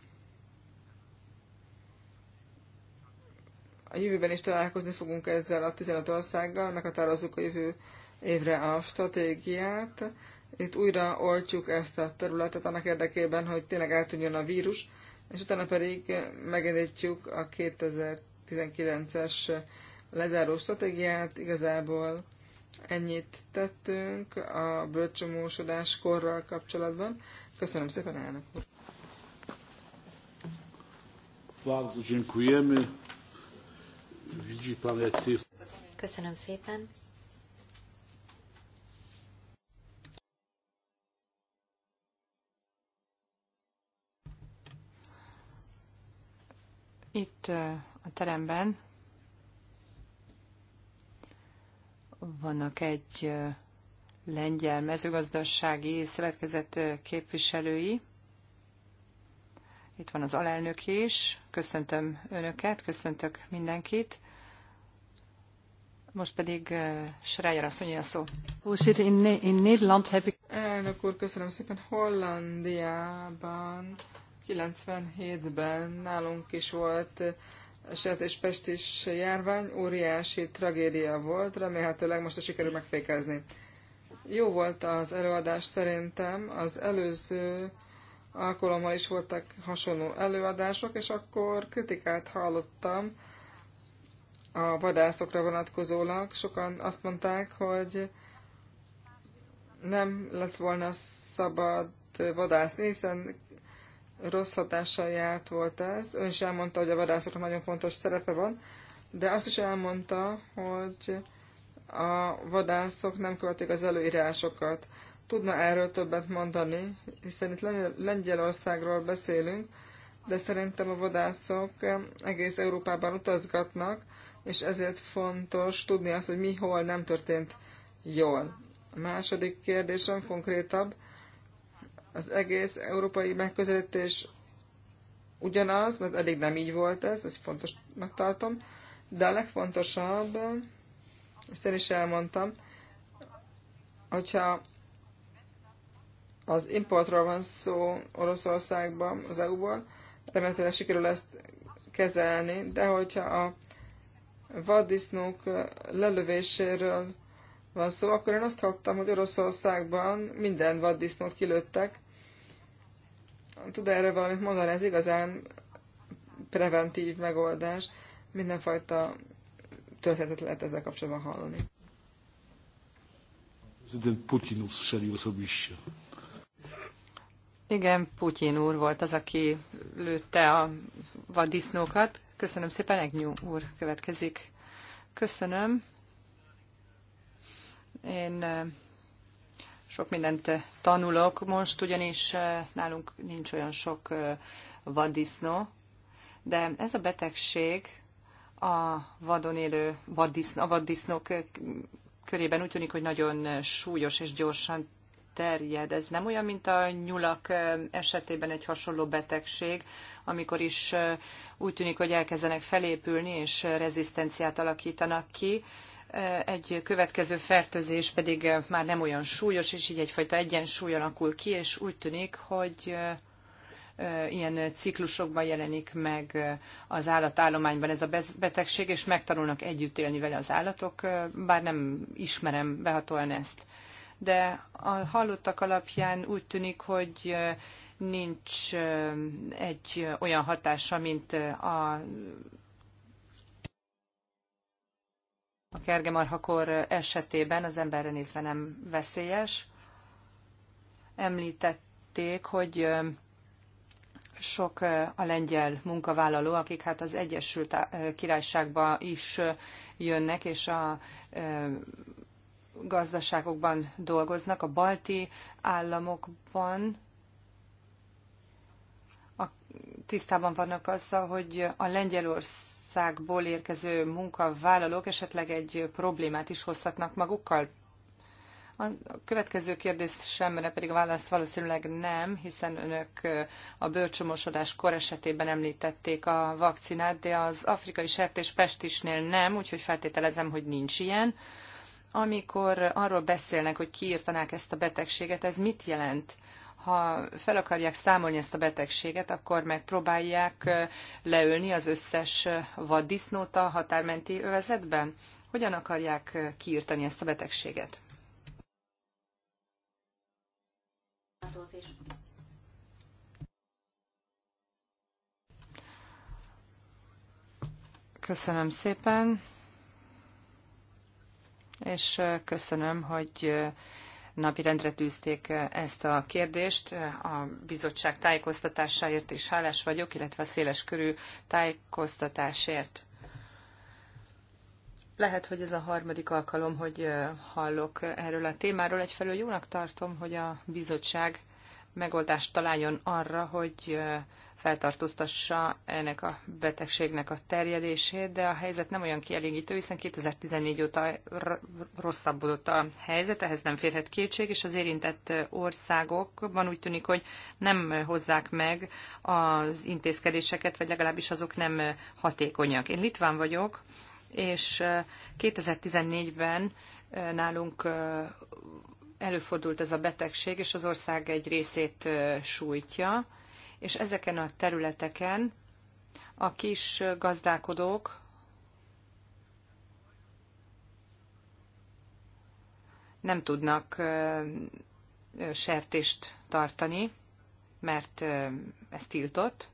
a jövőben is találkozni fogunk ezzel a 15 országgal, meghatározzuk a jövő évre a stratégiát. Itt újra oltjuk ezt a területet annak érdekében, hogy tényleg eltűnjön a vírus, és utána pedig megindítjuk a 2019-es lezáró stratégiát. Igazából ennyit tettünk a bölcsomósodás korral kapcsolatban. Köszönöm szépen, elnök úr! Bardzo dziękujemy. Köszönöm szépen. Itt a teremben vannak egy lengyel mezőgazdasági szövetkezet képviselői, itt van az alelnök is. Köszöntöm önöket, köszöntök mindenkit. Most pedig eh, Schreier asszony a szó. Elnök úr, köszönöm szépen. Hollandiában 97-ben nálunk is volt eset eh, és is járvány, óriási tragédia volt, remélhetőleg most a sikerül megfékezni. Jó volt az előadás szerintem, az előző alkalommal is voltak hasonló előadások, és akkor kritikát hallottam a vadászokra vonatkozólag. Sokan azt mondták, hogy nem lett volna szabad vadászni, hiszen rossz hatással járt volt ez. Ön is elmondta, hogy a vadászoknak nagyon fontos szerepe van, de azt is elmondta, hogy a vadászok nem követik az előírásokat tudna erről többet mondani, hiszen itt Lengyelországról beszélünk, de szerintem a vadászok egész Európában utazgatnak, és ezért fontos tudni azt, hogy mi hol nem történt jól. A második kérdésem konkrétabb. Az egész európai megközelítés ugyanaz, mert eddig nem így volt ez, ezt fontosnak tartom, de a legfontosabb, ezt én is elmondtam, hogyha az importról van szó Oroszországban, az EU-ból, remélhetőleg sikerül ezt kezelni, de hogyha a vaddisznók lelövéséről van szó, akkor én azt hattam, hogy Oroszországban minden vaddisznót kilőttek. Tud erre valamit mondani? Ez igazán preventív megoldás. Mindenfajta történetet lehet ezzel kapcsolatban hallani. Putin igen, Putyin úr volt az, aki lőtte a vaddisznókat. Köszönöm szépen, Egnyú úr következik. Köszönöm. Én eh, sok mindent eh, tanulok most, ugyanis eh, nálunk nincs olyan sok vaddisznó, de ez a betegség a vadon élő vaddisznó, a vaddisznók körében úgy tűnik, hogy nagyon súlyos és gyorsan terjed. Ez nem olyan, mint a nyulak esetében egy hasonló betegség, amikor is úgy tűnik, hogy elkezdenek felépülni és rezisztenciát alakítanak ki. Egy következő fertőzés pedig már nem olyan súlyos, és így egyfajta egyensúly alakul ki, és úgy tűnik, hogy ilyen ciklusokban jelenik meg az állatállományban ez a betegség, és megtanulnak együtt élni vele az állatok, bár nem ismerem behatóan ezt de a hallottak alapján úgy tűnik, hogy nincs egy olyan hatása, mint a a kergemarhakor esetében az emberre nézve nem veszélyes. Említették, hogy sok a lengyel munkavállaló, akik hát az Egyesült Királyságba is jönnek, és a gazdaságokban dolgoznak, a balti államokban, a, tisztában vannak azzal, hogy a Lengyelországból érkező munkavállalók esetleg egy problémát is hozhatnak magukkal. A következő kérdésemre pedig a válasz valószínűleg nem, hiszen önök a bőrcsomosodás kor esetében említették a vakcinát, de az afrikai sertéspestisnél nem, úgyhogy feltételezem, hogy nincs ilyen. Amikor arról beszélnek, hogy kiírtanák ezt a betegséget, ez mit jelent? ha fel akarják számolni ezt a betegséget, akkor megpróbálják leölni az összes vaddisznót a határmenti övezetben? Hogyan akarják kiírtani ezt a betegséget? Köszönöm szépen és köszönöm, hogy napirendre tűzték ezt a kérdést. A bizottság tájékoztatásáért is hálás vagyok, illetve a széles körű tájékoztatásért. Lehet, hogy ez a harmadik alkalom, hogy hallok erről a témáról. Egyfelől jónak tartom, hogy a bizottság megoldást találjon arra, hogy feltartóztassa ennek a betegségnek a terjedését, de a helyzet nem olyan kielégítő, hiszen 2014 óta rosszabbodott a helyzet, ehhez nem férhet kétség, és az érintett országokban úgy tűnik, hogy nem hozzák meg az intézkedéseket, vagy legalábbis azok nem hatékonyak. Én Litván vagyok, és 2014-ben nálunk előfordult ez a betegség, és az ország egy részét sújtja és ezeken a területeken a kis gazdálkodók nem tudnak sertést tartani, mert ez tiltott.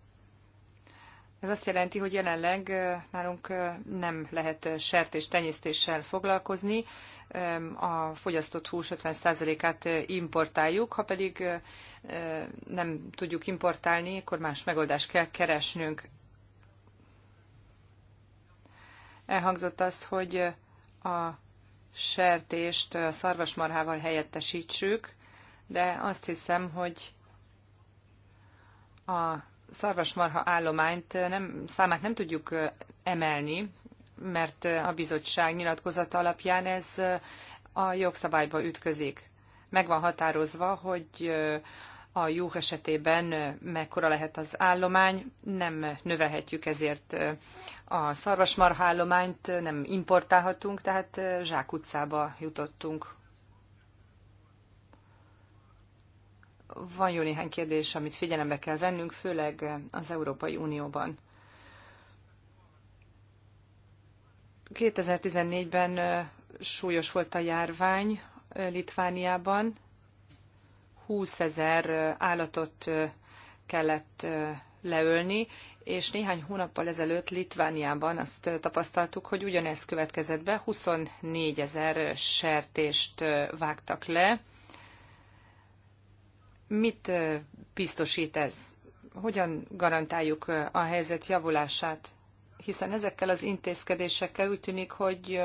Ez azt jelenti, hogy jelenleg nálunk nem lehet sertés tenyésztéssel foglalkozni, a fogyasztott hús 50%-át importáljuk, ha pedig nem tudjuk importálni, akkor más megoldást kell keresnünk. Elhangzott az, hogy a sertést szarvasmarhával helyettesítsük, de azt hiszem, hogy a szarvasmarha állományt nem, számát nem tudjuk emelni, mert a bizottság nyilatkozata alapján ez a jogszabályba ütközik. Meg van határozva, hogy a juh esetében mekkora lehet az állomány, nem növelhetjük ezért a szarvasmarha állományt, nem importálhatunk, tehát zsákutcába jutottunk. van jó néhány kérdés, amit figyelembe kell vennünk, főleg az Európai Unióban. 2014-ben súlyos volt a járvány Litvániában. 20 ezer állatot kellett leölni, és néhány hónappal ezelőtt Litvániában azt tapasztaltuk, hogy ugyanez következett be, 24 ezer sertést vágtak le, Mit biztosít ez? Hogyan garantáljuk a helyzet javulását? Hiszen ezekkel az intézkedésekkel úgy tűnik, hogy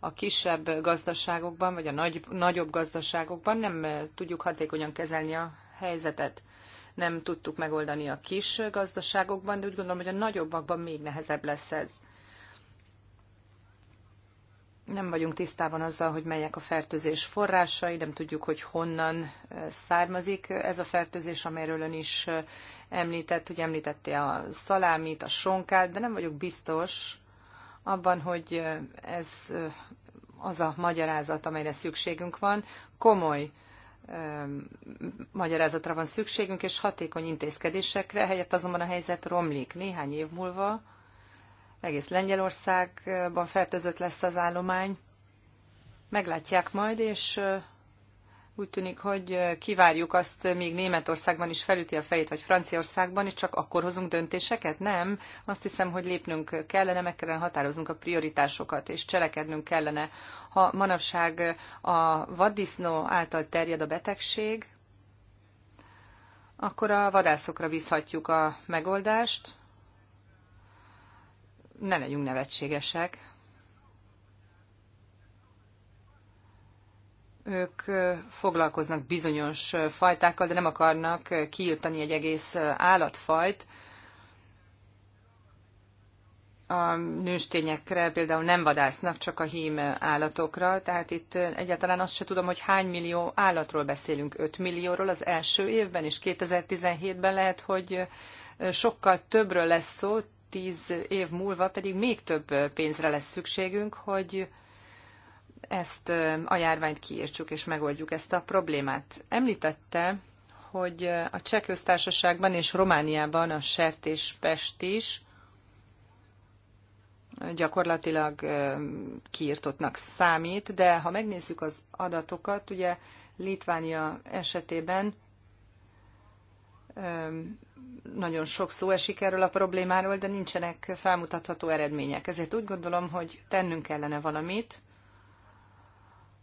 a kisebb gazdaságokban, vagy a nagy, nagyobb gazdaságokban nem tudjuk hatékonyan kezelni a helyzetet. Nem tudtuk megoldani a kis gazdaságokban, de úgy gondolom, hogy a nagyobbakban még nehezebb lesz ez nem vagyunk tisztában azzal, hogy melyek a fertőzés forrásai, nem tudjuk, hogy honnan eh, származik ez a fertőzés, amelyről ön is eh, említett, hogy említette a szalámit, a sonkát, de nem vagyok biztos abban, hogy eh, ez az a magyarázat, amelyre szükségünk van. Komoly magyarázatra van szükségünk, és hatékony intézkedésekre, helyett azonban a helyzet romlik. Néhány év múlva egész Lengyelországban fertőzött lesz az állomány. Meglátják majd, és úgy tűnik, hogy kivárjuk azt, míg Németországban is felüti a fejét, vagy Franciaországban, és csak akkor hozunk döntéseket? Nem. Azt hiszem, hogy lépnünk kellene, meg kellene határozunk a prioritásokat, és cselekednünk kellene. Ha manapság a vaddisznó által terjed a betegség, akkor a vadászokra bízhatjuk a megoldást, ne legyünk nevetségesek. Ők foglalkoznak bizonyos fajtákkal, de nem akarnak kiirtani egy egész állatfajt. A nőstényekre például nem vadásznak, csak a hím állatokra, tehát itt egyáltalán azt se tudom, hogy hány millió állatról beszélünk. 5 millióról az első évben, és 2017-ben lehet, hogy sokkal többről lesz szó, tíz év múlva pedig még több pénzre lesz szükségünk, hogy ezt a járványt kiírtsuk és megoldjuk ezt a problémát. Említette, hogy a Cseh köztársaságban és Romániában a sertéspest is gyakorlatilag kiirtottnak számít, de ha megnézzük az adatokat, ugye Litvánia esetében nagyon sok szó esik erről a problémáról, de nincsenek felmutatható eredmények. Ezért úgy gondolom, hogy tennünk kellene valamit,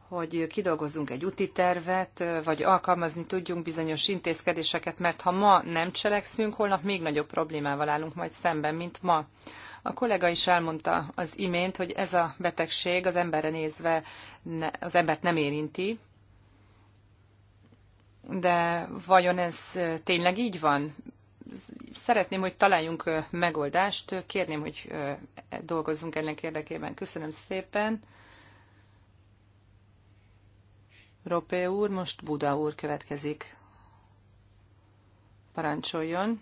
hogy kidolgozzunk egy úti tervet, vagy alkalmazni tudjunk bizonyos intézkedéseket, mert ha ma nem cselekszünk, holnap még nagyobb problémával állunk majd szemben, mint ma. A kollega is elmondta az imént, hogy ez a betegség az emberre nézve ne, az embert nem érinti, de vajon ez tényleg így van? Szeretném, hogy találjunk megoldást. Kérném, hogy dolgozzunk ennek érdekében. Köszönöm szépen. Ropé úr, most Buda úr következik. Parancsoljon.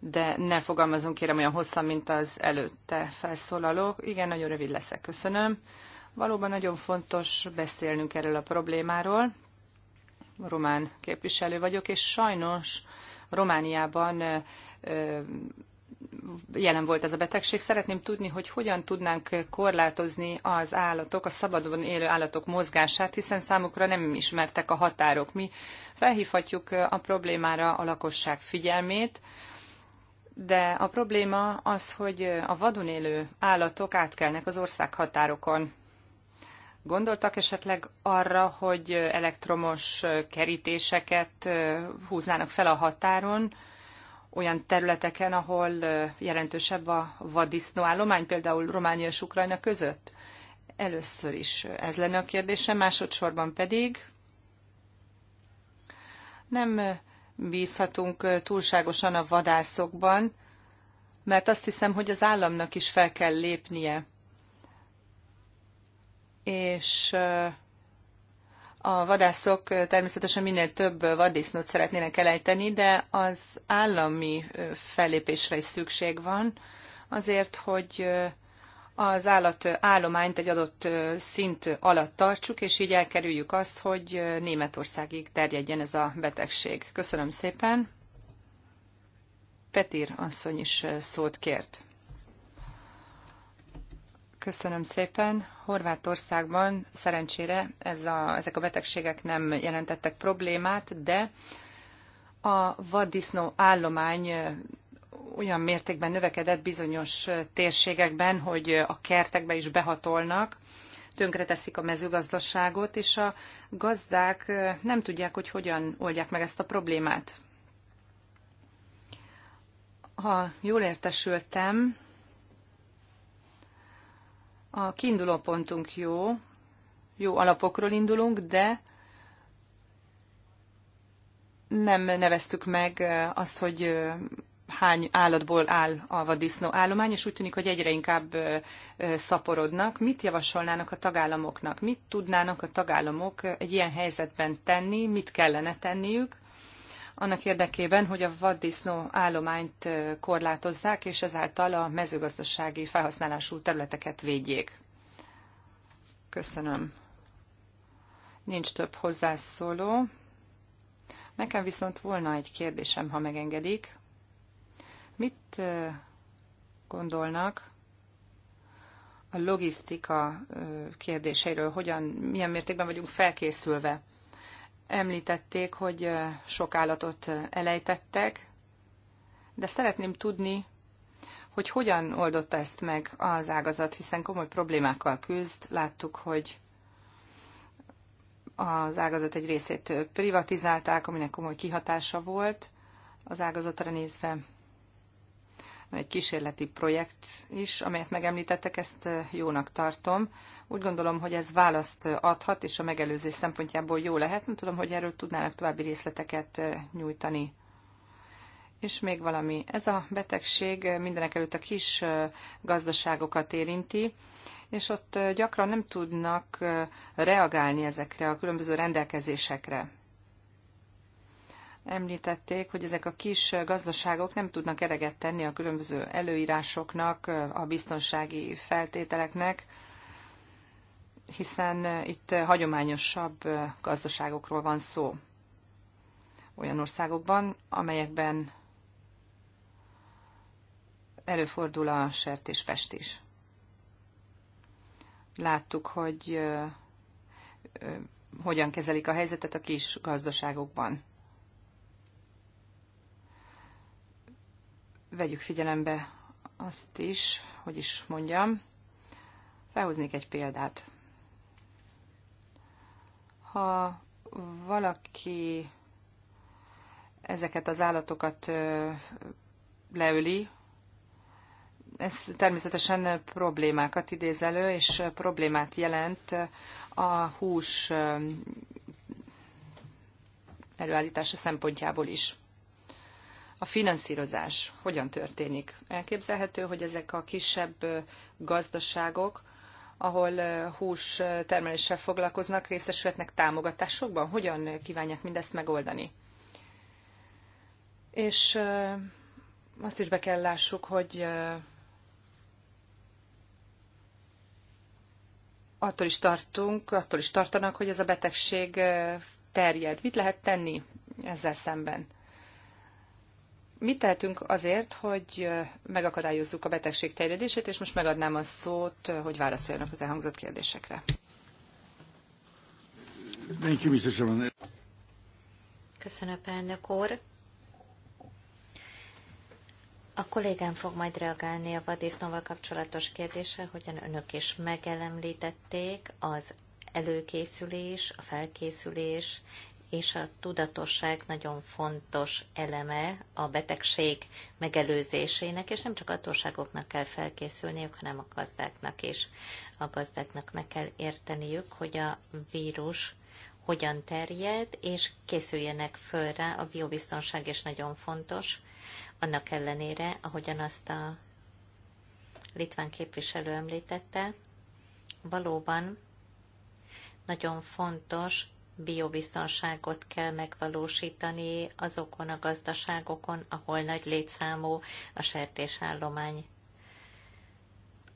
De ne fogalmazunk kérem olyan hosszan, mint az előtte felszólaló. Igen, nagyon rövid leszek, köszönöm. Valóban nagyon fontos beszélnünk erről a problémáról, román képviselő vagyok, és sajnos Romániában jelen volt ez a betegség. Szeretném tudni, hogy hogyan tudnánk korlátozni az állatok, a szabadon élő állatok mozgását, hiszen számukra nem ismertek a határok. Mi felhívhatjuk a problémára a lakosság figyelmét, de a probléma az, hogy a vadon élő állatok átkelnek az ország határokon. Gondoltak esetleg arra, hogy elektromos kerítéseket húznának fel a határon, olyan területeken, ahol jelentősebb a vaddisznóállomány, például Románia és Ukrajna között? Először is ez lenne a kérdésem, másodszorban pedig nem bízhatunk túlságosan a vadászokban, mert azt hiszem, hogy az államnak is fel kell lépnie és a vadászok természetesen minél több vaddisznót szeretnének elejteni, de az állami fellépésre is szükség van, azért, hogy az állat állományt egy adott szint alatt tartsuk, és így elkerüljük azt, hogy Németországig terjedjen ez a betegség. Köszönöm szépen. Petir asszony is szót kért. Köszönöm szépen. Horvátországban szerencsére ez a, ezek a betegségek nem jelentettek problémát, de a vaddisznó állomány olyan mértékben növekedett bizonyos térségekben, hogy a kertekbe is behatolnak, tönkreteszik a mezőgazdaságot, és a gazdák nem tudják, hogy hogyan oldják meg ezt a problémát. Ha jól értesültem, a kiinduló pontunk jó, jó alapokról indulunk, de nem neveztük meg azt, hogy hány állatból áll a vaddisznó állomány, és úgy tűnik, hogy egyre inkább szaporodnak. Mit javasolnának a tagállamoknak? Mit tudnának a tagállamok egy ilyen helyzetben tenni? Mit kellene tenniük? annak érdekében, hogy a vaddisznó állományt korlátozzák, és ezáltal a mezőgazdasági felhasználású területeket védjék. Köszönöm. Nincs több hozzászóló. Nekem viszont volna egy kérdésem, ha megengedik. Mit gondolnak a logisztika kérdéseiről? Hogyan, milyen mértékben vagyunk felkészülve? Említették, hogy sok állatot elejtettek, de szeretném tudni, hogy hogyan oldotta ezt meg az ágazat, hiszen komoly problémákkal küzd. Láttuk, hogy az ágazat egy részét privatizálták, aminek komoly kihatása volt az ágazatra nézve. Van egy kísérleti projekt is, amelyet megemlítettek, ezt jónak tartom. Úgy gondolom, hogy ez választ adhat, és a megelőzés szempontjából jó lehet. Nem tudom, hogy erről tudnának további részleteket nyújtani. És még valami. Ez a betegség mindenek előtt a kis gazdaságokat érinti, és ott gyakran nem tudnak reagálni ezekre a különböző rendelkezésekre említették, hogy ezek a kis gazdaságok nem tudnak eleget tenni a különböző előírásoknak, a biztonsági feltételeknek, hiszen itt hagyományosabb gazdaságokról van szó olyan országokban, amelyekben előfordul a sertéspestés. Láttuk, hogy hogyan kezelik a helyzetet a kis gazdaságokban vegyük figyelembe azt is, hogy is mondjam, felhoznék egy példát. Ha valaki ezeket az állatokat leöli, ez természetesen problémákat idéz elő, és problémát jelent a hús előállítása szempontjából is. A finanszírozás hogyan történik? Elképzelhető, hogy ezek a kisebb gazdaságok, ahol hús termeléssel foglalkoznak, részesülhetnek támogatásokban? Hogyan kívánják mindezt megoldani? És azt is be kell lássuk, hogy attól is tartunk, attól is tartanak, hogy ez a betegség terjed. Mit lehet tenni ezzel szemben? mit tehetünk azért, hogy megakadályozzuk a betegség terjedését, és most megadnám a szót, hogy válaszoljanak az elhangzott kérdésekre. Köszönöm, elnök úr. A kollégám fog majd reagálni a vadésznóval kapcsolatos kérdésre, hogyan önök is megelemlítették az előkészülés, a felkészülés és a tudatosság nagyon fontos eleme a betegség megelőzésének, és nem csak a hatóságoknak kell felkészülniük, hanem a gazdáknak is. A gazdáknak meg kell érteniük, hogy a vírus hogyan terjed, és készüljenek föl rá, a biobiztonság is nagyon fontos, annak ellenére, ahogyan azt a litván képviselő említette, valóban nagyon fontos biobiztonságot kell megvalósítani azokon a gazdaságokon, ahol nagy létszámú a sertésállomány,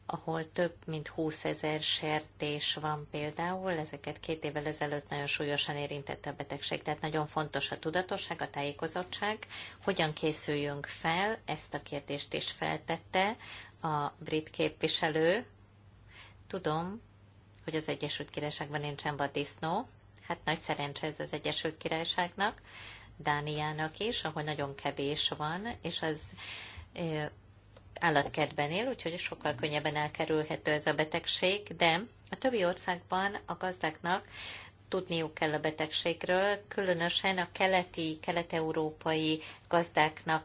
ahol több mint 20 ezer sertés van például, ezeket két évvel ezelőtt nagyon súlyosan érintette a betegség, tehát nagyon fontos a tudatosság, a tájékozottság, hogyan készüljünk fel, ezt a kérdést is feltette a brit képviselő. Tudom, hogy az Egyesült Királyságban nincsen vaddisznó, hát nagy szerencse ez az Egyesült Királyságnak, Dániának is, ahol nagyon kevés van, és az állatkertben él, úgyhogy sokkal könnyebben elkerülhető ez a betegség, de a többi országban a gazdáknak tudniuk kell a betegségről, különösen a keleti, kelet-európai gazdáknak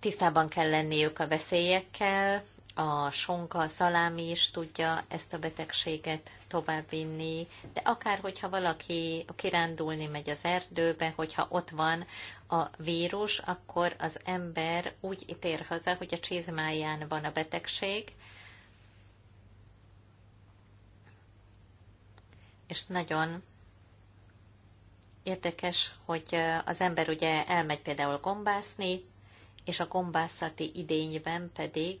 tisztában kell lenniük a veszélyekkel, a sonka, a szalámi is tudja ezt a betegséget továbbvinni, de akár hogyha valaki kirándulni megy az erdőbe, hogyha ott van a vírus, akkor az ember úgy tér haza, hogy a csizmáján van a betegség, és nagyon érdekes, hogy az ember ugye elmegy például gombászni, és a gombászati idényben pedig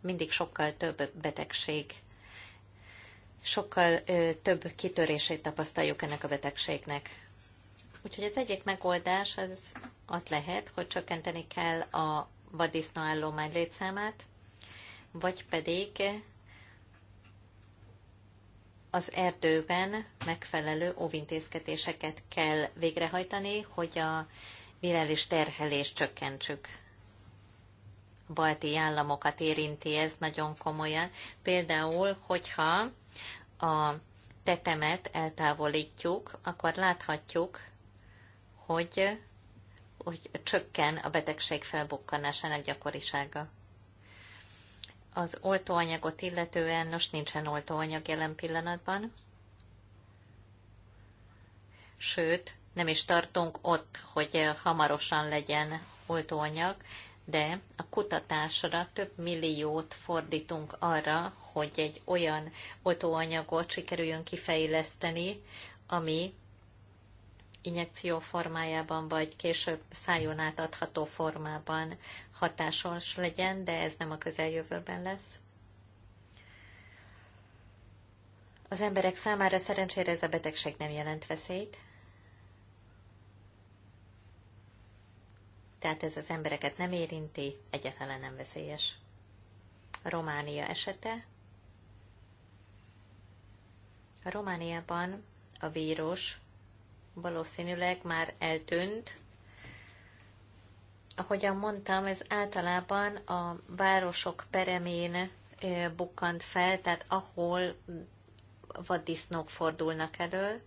mindig sokkal több betegség, sokkal több kitörését tapasztaljuk ennek a betegségnek. Úgyhogy az egyik megoldás az, az lehet, hogy csökkenteni kell a állomány létszámát, vagy pedig az erdőben megfelelő óvintézkedéseket kell végrehajtani, hogy a virális terhelést csökkentsük balti államokat érinti ez nagyon komolyan. Például, hogyha a tetemet eltávolítjuk, akkor láthatjuk, hogy, hogy csökken a betegség felbukkanásának gyakorisága. Az oltóanyagot illetően most nincsen oltóanyag jelen pillanatban, sőt, nem is tartunk ott, hogy hamarosan legyen oltóanyag, de a kutatásra több milliót fordítunk arra, hogy egy olyan oltóanyagot sikerüljön kifejleszteni, ami injekció formájában, vagy később szájon átadható formában hatásos legyen, de ez nem a közeljövőben lesz. Az emberek számára szerencsére ez a betegség nem jelent veszélyt, tehát ez az embereket nem érinti, egyáltalán nem veszélyes. A Románia esete. A Romániában a vírus valószínűleg már eltűnt. Ahogyan mondtam, ez általában a városok peremén bukkant fel, tehát ahol vaddisznók fordulnak elő.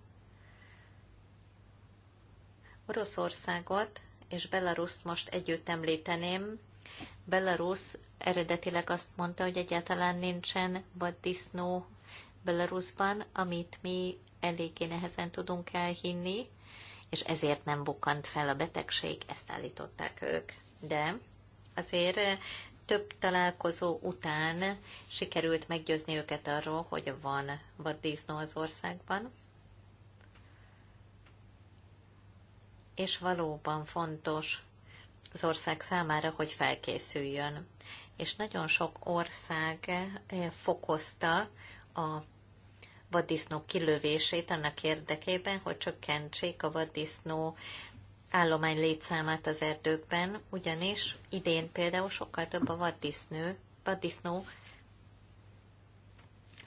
Oroszországot és Belaruszt most együtt említeném. Belarus eredetileg azt mondta, hogy egyáltalán nincsen vaddisznó Belarusban, amit mi eléggé nehezen tudunk elhinni, és ezért nem bukant fel a betegség, ezt állították ők. De azért eh, több találkozó után sikerült meggyőzni őket arról, hogy van vaddisznó az országban, és valóban fontos az ország számára, hogy felkészüljön. És nagyon sok ország eh, fokozta a vaddisznó kilövését annak érdekében, hogy csökkentsék a vaddisznó állomány létszámát az erdőkben, ugyanis idén például sokkal több a vaddisznő, vaddisznó,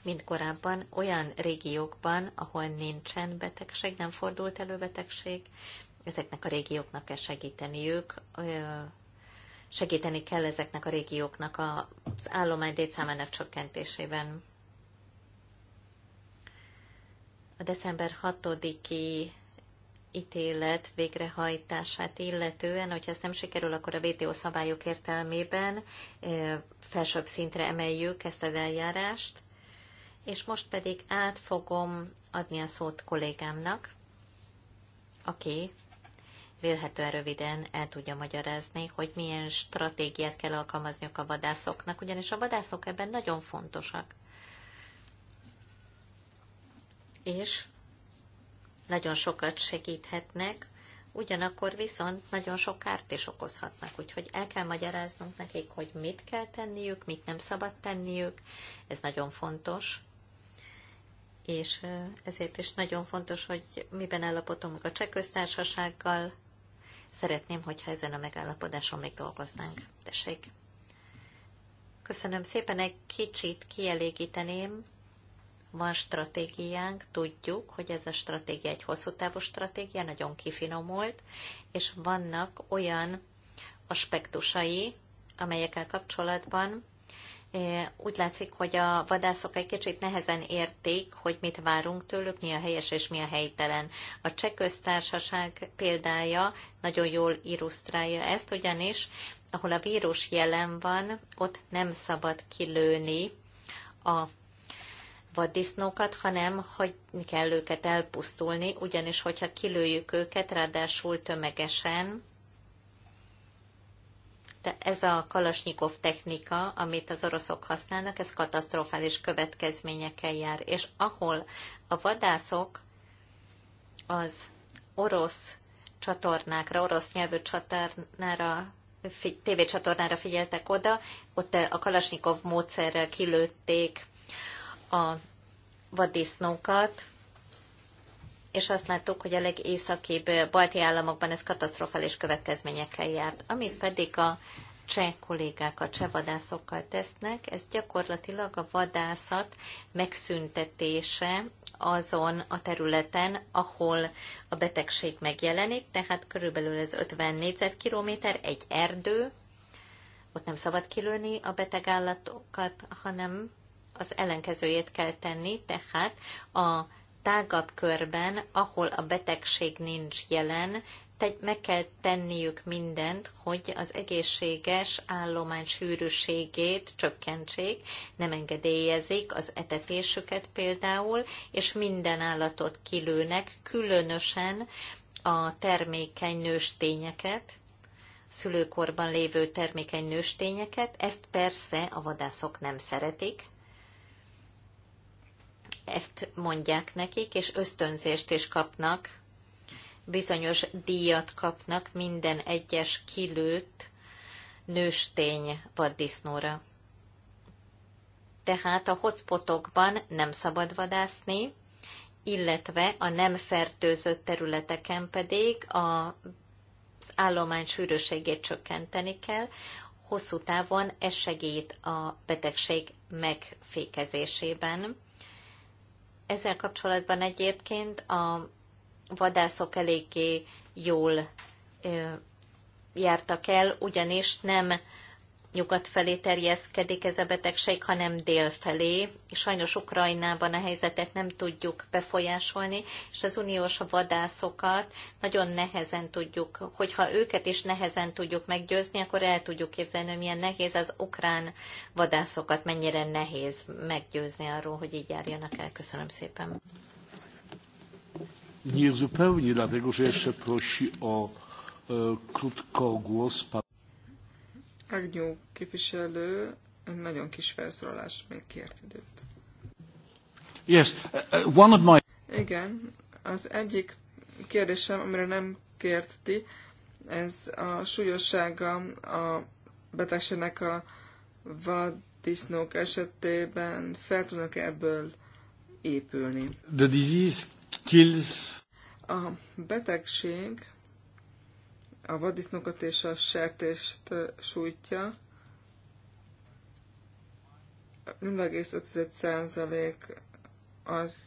mint korábban olyan régiókban, ahol nincsen betegség, nem fordult elő betegség, ezeknek a régióknak kell segíteniük, segíteni kell ezeknek a régióknak az állomány létszámának csökkentésében. A december 6-i ítélet végrehajtását illetően, hogyha ez nem sikerül, akkor a VTO szabályok értelmében felsőbb szintre emeljük ezt az eljárást, és most pedig át fogom adni a szót kollégámnak, aki vélhetően röviden el tudja magyarázni, hogy milyen stratégiát kell alkalmazniuk a vadászoknak, ugyanis a vadászok ebben nagyon fontosak. És nagyon sokat segíthetnek, ugyanakkor viszont nagyon sok kárt is okozhatnak, úgyhogy el kell magyaráznunk nekik, hogy mit kell tenniük, mit nem szabad tenniük, ez nagyon fontos, és ezért is nagyon fontos, hogy miben állapotunk a cseh köztársasággal, Szeretném, hogyha ezen a megállapodáson még dolgoznánk. Tessék! Köszönöm szépen, egy kicsit kielégíteném. Van stratégiánk, tudjuk, hogy ez a stratégia egy hosszú távú stratégia, nagyon kifinomult, és vannak olyan aspektusai, amelyekkel kapcsolatban úgy látszik, hogy a vadászok egy kicsit nehezen érték, hogy mit várunk tőlük, mi a helyes és mi a helytelen. A cseh köztársaság példája nagyon jól illusztrálja ezt, ugyanis ahol a vírus jelen van, ott nem szabad kilőni a vaddisznókat, hanem hogy kell őket elpusztulni, ugyanis hogyha kilőjük őket, ráadásul tömegesen, ez a kalasnyikov technika, amit az oroszok használnak, ez katasztrofális következményekkel jár. És ahol a vadászok az orosz csatornákra, orosz nyelvű csatornára tévécsatornára figyeltek oda, ott a Kalasnyikov módszerrel kilőtték a vadisznókat, és azt láttuk, hogy a legészakibb balti államokban ez katasztrofális következményekkel járt. Amit pedig a cseh a cseh vadászokkal tesznek, ez gyakorlatilag a vadászat megszüntetése azon a területen, ahol a betegség megjelenik, tehát körülbelül ez 50 négyzetkilométer, egy erdő, ott nem szabad kilőni a beteg állatokat, hanem az ellenkezőjét kell tenni, tehát a tágabb körben, ahol a betegség nincs jelen, meg kell tenniük mindent, hogy az egészséges állomány sűrűségét csökkentsék, nem engedélyezik az etetésüket például, és minden állatot kilőnek, különösen a termékeny nőstényeket, szülőkorban lévő termékeny nőstényeket, ezt persze a vadászok nem szeretik, ezt mondják nekik, és ösztönzést is kapnak, bizonyos díjat kapnak minden egyes kilőtt nőstény vaddisznóra. Tehát a hotspotokban nem szabad vadászni, illetve a nem fertőzött területeken pedig a, az állomány sűrűségét csökkenteni kell. Hosszú távon ez segít a betegség megfékezésében ezzel kapcsolatban egyébként a vadászok eléggé jól jártak el, ugyanis nem nyugat felé terjeszkedik ez a betegség, hanem dél felé. Sajnos Ukrajnában a helyzetet nem tudjuk befolyásolni, és az uniós vadászokat nagyon nehezen tudjuk, hogyha őket is nehezen tudjuk meggyőzni, akkor el tudjuk képzelni, hogy milyen nehéz az ukrán vadászokat, mennyire nehéz meggyőzni arról, hogy így járjanak el. Köszönöm szépen. Nie zupełnie, dlatego że jeszcze prosi o e, krótko głos pan Agnyó képviselő nagyon kis felszólalás még kért időt. Yes, uh, one of my... Igen, az egyik kérdésem, amire nem kért ti, ez a súlyossága a betegségnek a vaddisznók esetében fel tudnak ebből épülni. The disease kills. A betegség a vadisznokat és a sertést sújtja. 0,5% az,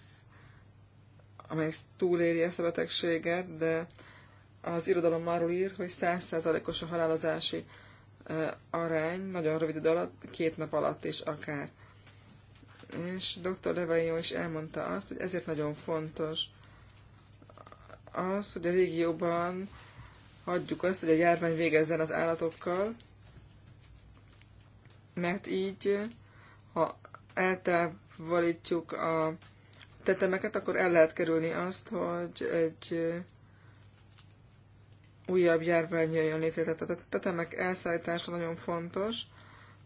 amely túléri ezt a betegséget, de az irodalom arról ír, hogy 100%-os a halálozási arány, nagyon rövid idő alatt, két nap alatt is akár. És dr. Levaillon is elmondta azt, hogy ezért nagyon fontos az, hogy a régióban hagyjuk azt, hogy a járvány végezzen az állatokkal, mert így, ha eltávolítjuk a tetemeket, akkor el lehet kerülni azt, hogy egy újabb járvány jöjjön létre. Tehát a tetemek elszállítása nagyon fontos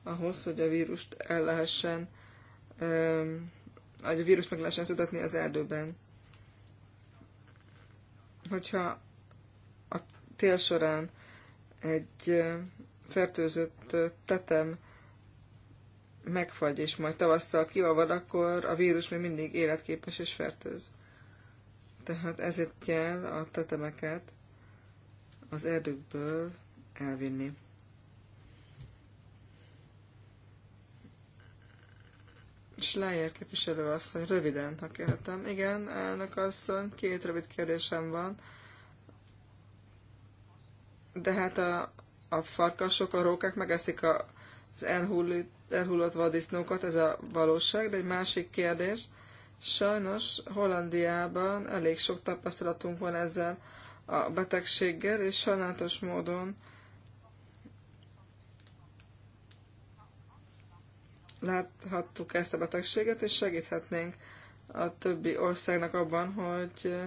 ahhoz, hogy a vírust el lehessen, hogy a vírust meg lehessen születni az erdőben. Hogyha tél során egy fertőzött tetem megfagy, és majd tavasszal kiolvad, akkor a vírus még mindig életképes és fertőz. Tehát ezért kell a tetemeket az erdőkből elvinni. Schleyer képviselő asszony, röviden, ha kérhetem. Igen, elnök asszony, két rövid kérdésem van de hát a, a farkasok, a rókák megeszik a, az elhullott, elhullott vadisznókat, ez a valóság, de egy másik kérdés. Sajnos Hollandiában elég sok tapasztalatunk van ezzel a betegséggel, és sajnálatos módon láthattuk ezt a betegséget, és segíthetnénk a többi országnak abban, hogy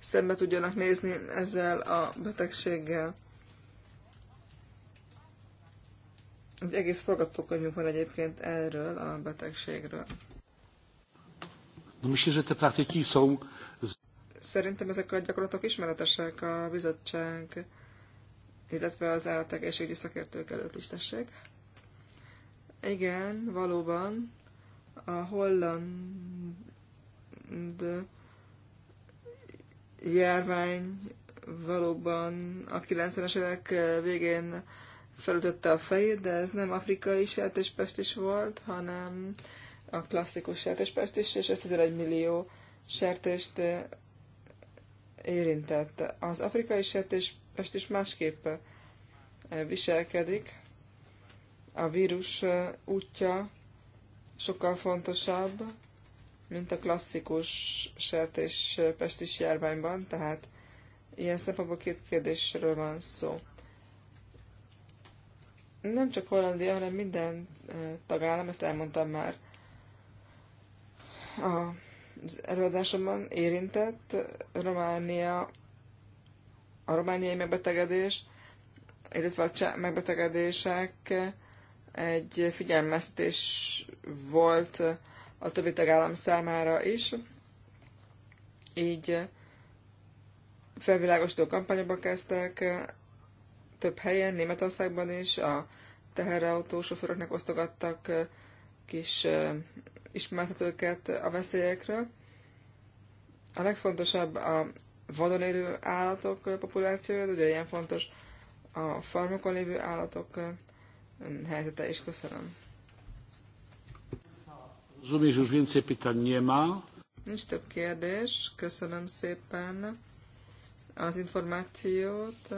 szembe tudjanak nézni ezzel a betegséggel. Egy egész forgatókönyvünk van egyébként erről a betegségről. No, myślę, że te praktyki Szerintem ezek a gyakorlatok ismeretesek a bizottság, illetve az állategészségügyi szakértők előtt is tessék. Igen, valóban a holland járvány valóban a 90-es évek végén felütötte a fejét, de ez nem afrikai sertéspest is volt, hanem a klasszikus sertéspest is, és ezt 11 millió sertést eh, érintette. Az afrikai sertéspest is másképp eh, viselkedik. A vírus eh, útja sokkal fontosabb, mint a klasszikus sertés pestis járványban, tehát ilyen szempontból két kérdésről van szó. Nem csak Hollandia, hanem minden tagállam, ezt elmondtam már az előadásomban, érintett Románia, a romániai megbetegedés, illetve a cseh megbetegedések egy figyelmeztetés volt a többi tagállam számára is. Így felvilágosító kampányokba kezdtek több helyen, Németországban is, a teherautó sofőröknek osztogattak kis ismertetőket a veszélyekről. A legfontosabb a vadon élő állatok populációja, ugye ilyen fontos a farmokon lévő állatok helyzete is. Köszönöm. Rozumiem, że już Nincs több kérdés. Köszönöm szépen az információt.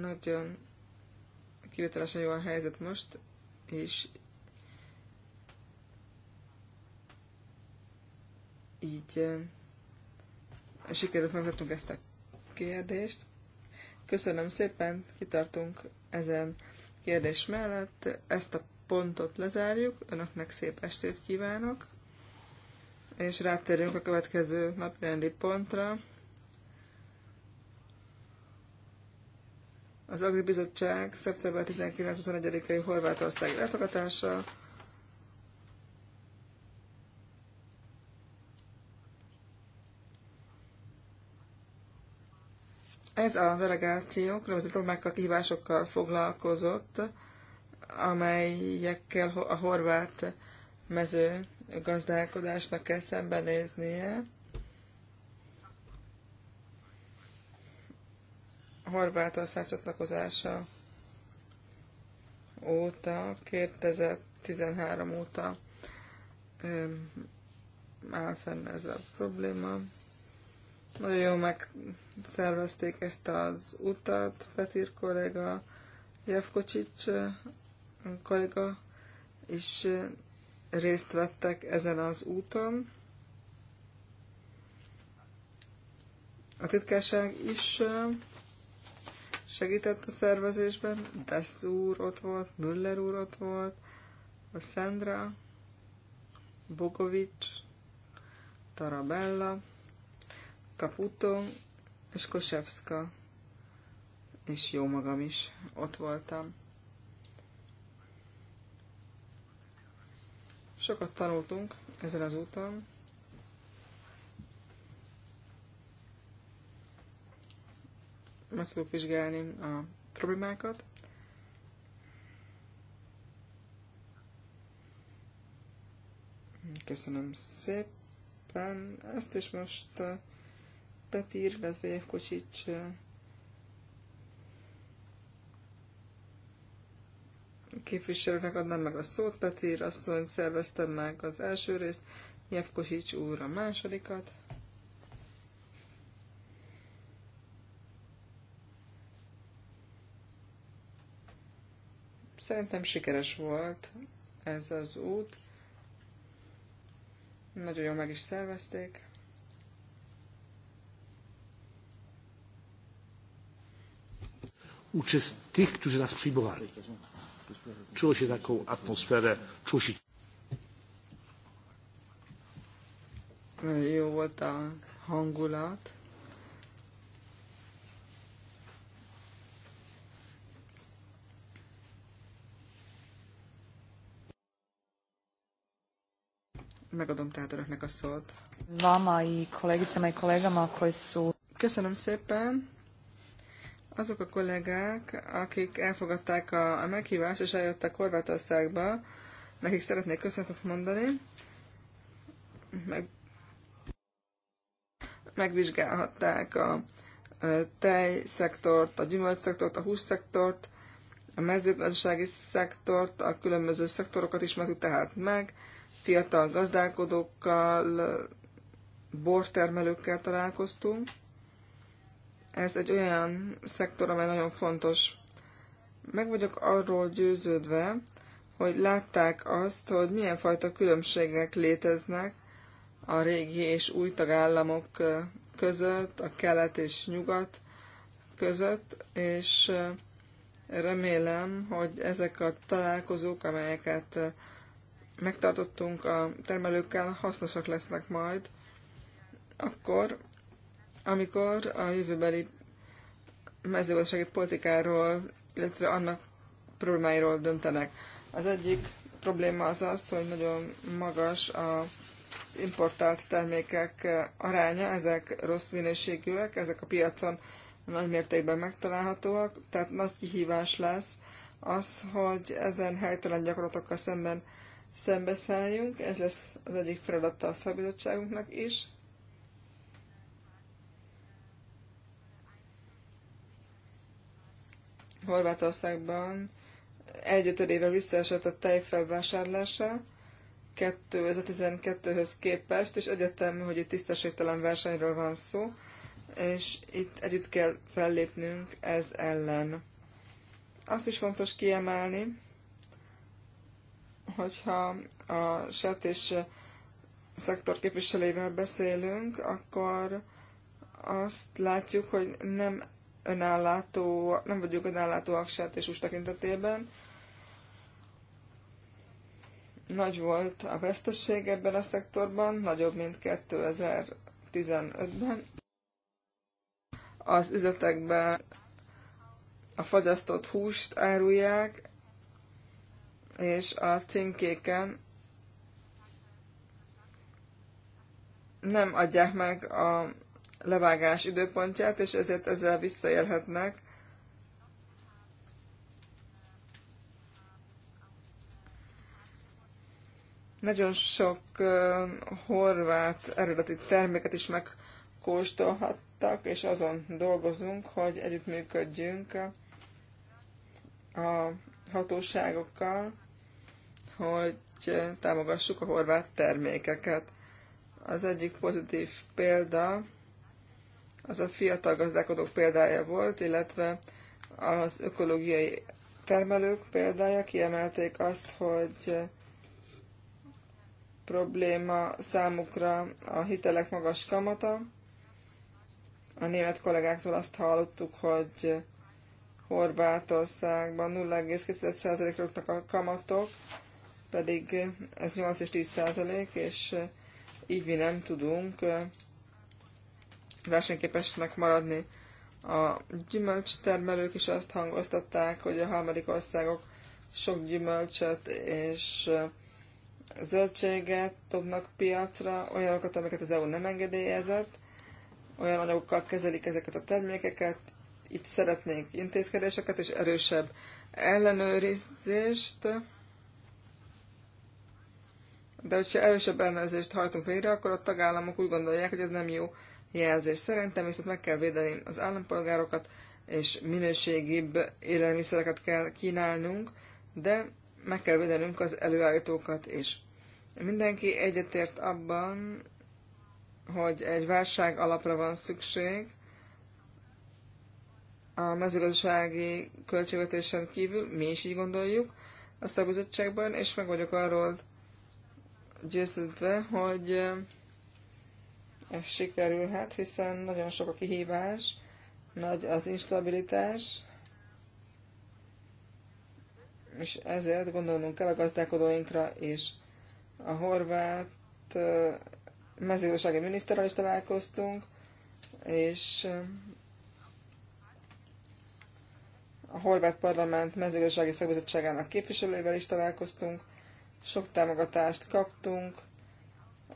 Nagyon kivételesen jó a helyzet most, és így eh, sikerült megkaptunk ezt a kérdést. Köszönöm szépen, kitartunk ezen kérdés mellett ezt a pontot lezárjuk. Önöknek szép estét kívánok, és rátérünk a következő napirendi pontra. Az Agribizottság szeptember 19-21-i Horvátország látogatása. Ez a delegáció különböző problémákkal, kihívásokkal foglalkozott, amelyekkel a horvát mező gazdálkodásnak kell szembenéznie. Horvátország csatlakozása óta, 2013 óta áll fenn ez a probléma. Nagyon jól megszervezték ezt az utat, Petir kollega, Jevkocsics kollega is részt vettek ezen az úton. A titkárság is segített a szervezésben, Dessz úr ott volt, Müller úr ott volt, a Szendra, Bogovics, Tarabella, Caputo és Kosevska, és jó magam is, ott voltam. Sokat tanultunk ezen az úton. Meg tudok vizsgálni a problémákat. Köszönöm szépen. Ezt és most eh, Petír, illetve Kocsics, képviselőnek adnám meg a szót, Petír asszony szerveztem meg az első részt, Jevkosics úr a másodikat. Szerintem sikeres volt ez az út. Nagyon jól meg is szervezték. uczest tych, którzy nas przyjmowali. Czuło się taką atmosferę, czuło się... Megadom tehát öröknek a szót. Vama i kolegicama i kolegama koji su... Köszönöm szépen azok a kollégák, akik elfogadták a, a meghívást és eljöttek Horvátországba, nekik szeretnék köszönetet mondani, meg, megvizsgálhatták a, tejszektort, a gyümölcsszektort, a hússzektort, a mezőgazdasági szektort, a különböző szektorokat ismertük tehát meg, fiatal gazdálkodókkal, bortermelőkkel találkoztunk, ez egy olyan szektor, amely nagyon fontos. Meg vagyok arról győződve, hogy látták azt, hogy milyen fajta különbségek léteznek a régi és új tagállamok között, a kelet és nyugat között, és remélem, hogy ezek a találkozók, amelyeket megtartottunk a termelőkkel, hasznosak lesznek majd, akkor, amikor a jövőbeli mezőgazdasági politikáról, illetve annak problémáiról döntenek. Az egyik probléma az az, hogy nagyon magas az importált termékek aránya, ezek rossz minőségűek, ezek a piacon nagy mértékben megtalálhatóak, tehát nagy kihívás lesz az, hogy ezen helytelen gyakorlatokkal szemben szembeszálljunk, ez lesz az egyik feladata a szakbizottságunknak is. Horvátországban egyötödével visszaesett a tej felvásárlása 2012-höz képest, és egyetem, hogy itt tisztességtelen versenyről van szó, és itt együtt kell fellépnünk ez ellen. Azt is fontos kiemelni, hogyha a SET és szektor képviselével beszélünk, akkor azt látjuk, hogy nem önállátó, nem vagyunk önállátóak sertésús tekintetében. Nagy volt a vesztesség ebben a szektorban, nagyobb, mint 2015-ben. Az üzletekben a fagyasztott húst árulják, és a címkéken nem adják meg a levágás időpontját, és ezért ezzel visszaélhetnek. Nagyon sok horvát eredeti terméket is megkóstolhattak, és azon dolgozunk, hogy együttműködjünk a hatóságokkal, hogy támogassuk a horvát termékeket. Az egyik pozitív példa az a fiatal gazdálkodók példája volt, illetve az ökológiai termelők példája kiemelték azt, hogy probléma számukra a hitelek magas kamata. A német kollégáktól azt hallottuk, hogy Horvátországban 0,2%-oknak a kamatok, pedig ez 8 és 10 százalék, és így mi nem tudunk versenyképesnek maradni. A gyümölcs termelők is azt hangoztatták, hogy a harmadik országok sok gyümölcsöt és eh, zöldséget dobnak piacra, olyanokat, amiket az EU nem engedélyezett, olyan anyagokkal kezelik ezeket a termékeket, itt szeretnénk intézkedéseket és erősebb ellenőrizést, de hogyha erősebb ellenőrzést hajtunk végre, akkor a tagállamok úgy gondolják, hogy ez nem jó jelzés. Szerintem viszont meg kell védeni az állampolgárokat, és minőségibb élelmiszereket kell kínálnunk, de meg kell védenünk az előállítókat is. Mindenki egyetért abban, hogy egy válság alapra van szükség, a mezőgazdasági költségvetésen kívül, mi is így gondoljuk a szakbizottságban, és meg vagyok arról győződve, hogy sikerülhet, hiszen nagyon sok a kihívás, nagy az instabilitás, és ezért gondolnunk kell a gazdálkodóinkra is. A horvát mezőgazdasági miniszterrel is találkoztunk, és a horvát parlament mezőgazdasági szakbizottságának képviselőivel is találkoztunk, sok támogatást kaptunk,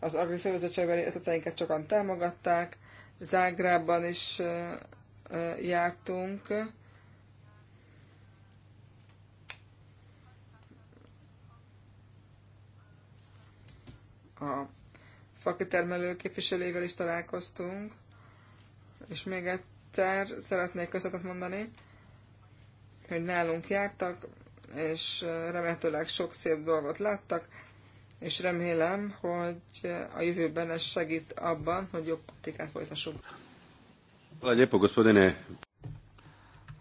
az Agri Szövetségben ötleteinket sokan támogatták, Zágrában is jártunk. A fakitermelő képviselőivel is találkoztunk, és még egyszer szeretnék köszönetet mondani, hogy nálunk jártak, és remélhetőleg sok szép dolgot láttak és remélem, hogy a jövőben ez segít abban, hogy jobb politikát folytassunk.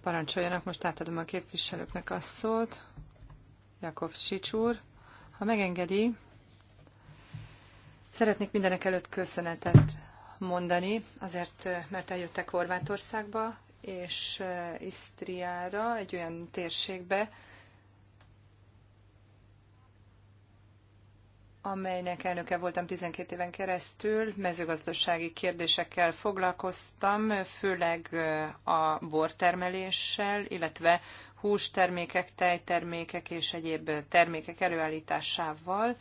Parancsoljanak, most átadom a képviselőknek a szót. Jakov Sics úr, ha megengedi, szeretnék mindenek előtt köszönetet mondani, azért, mert eljöttek Horvátországba, és eh, Isztriára, egy olyan térségbe, amelynek elnöke voltam 12 éven keresztül. Mezőgazdasági kérdésekkel foglalkoztam, főleg a bortermeléssel, illetve hústermékek, tejtermékek és egyéb termékek előállításával.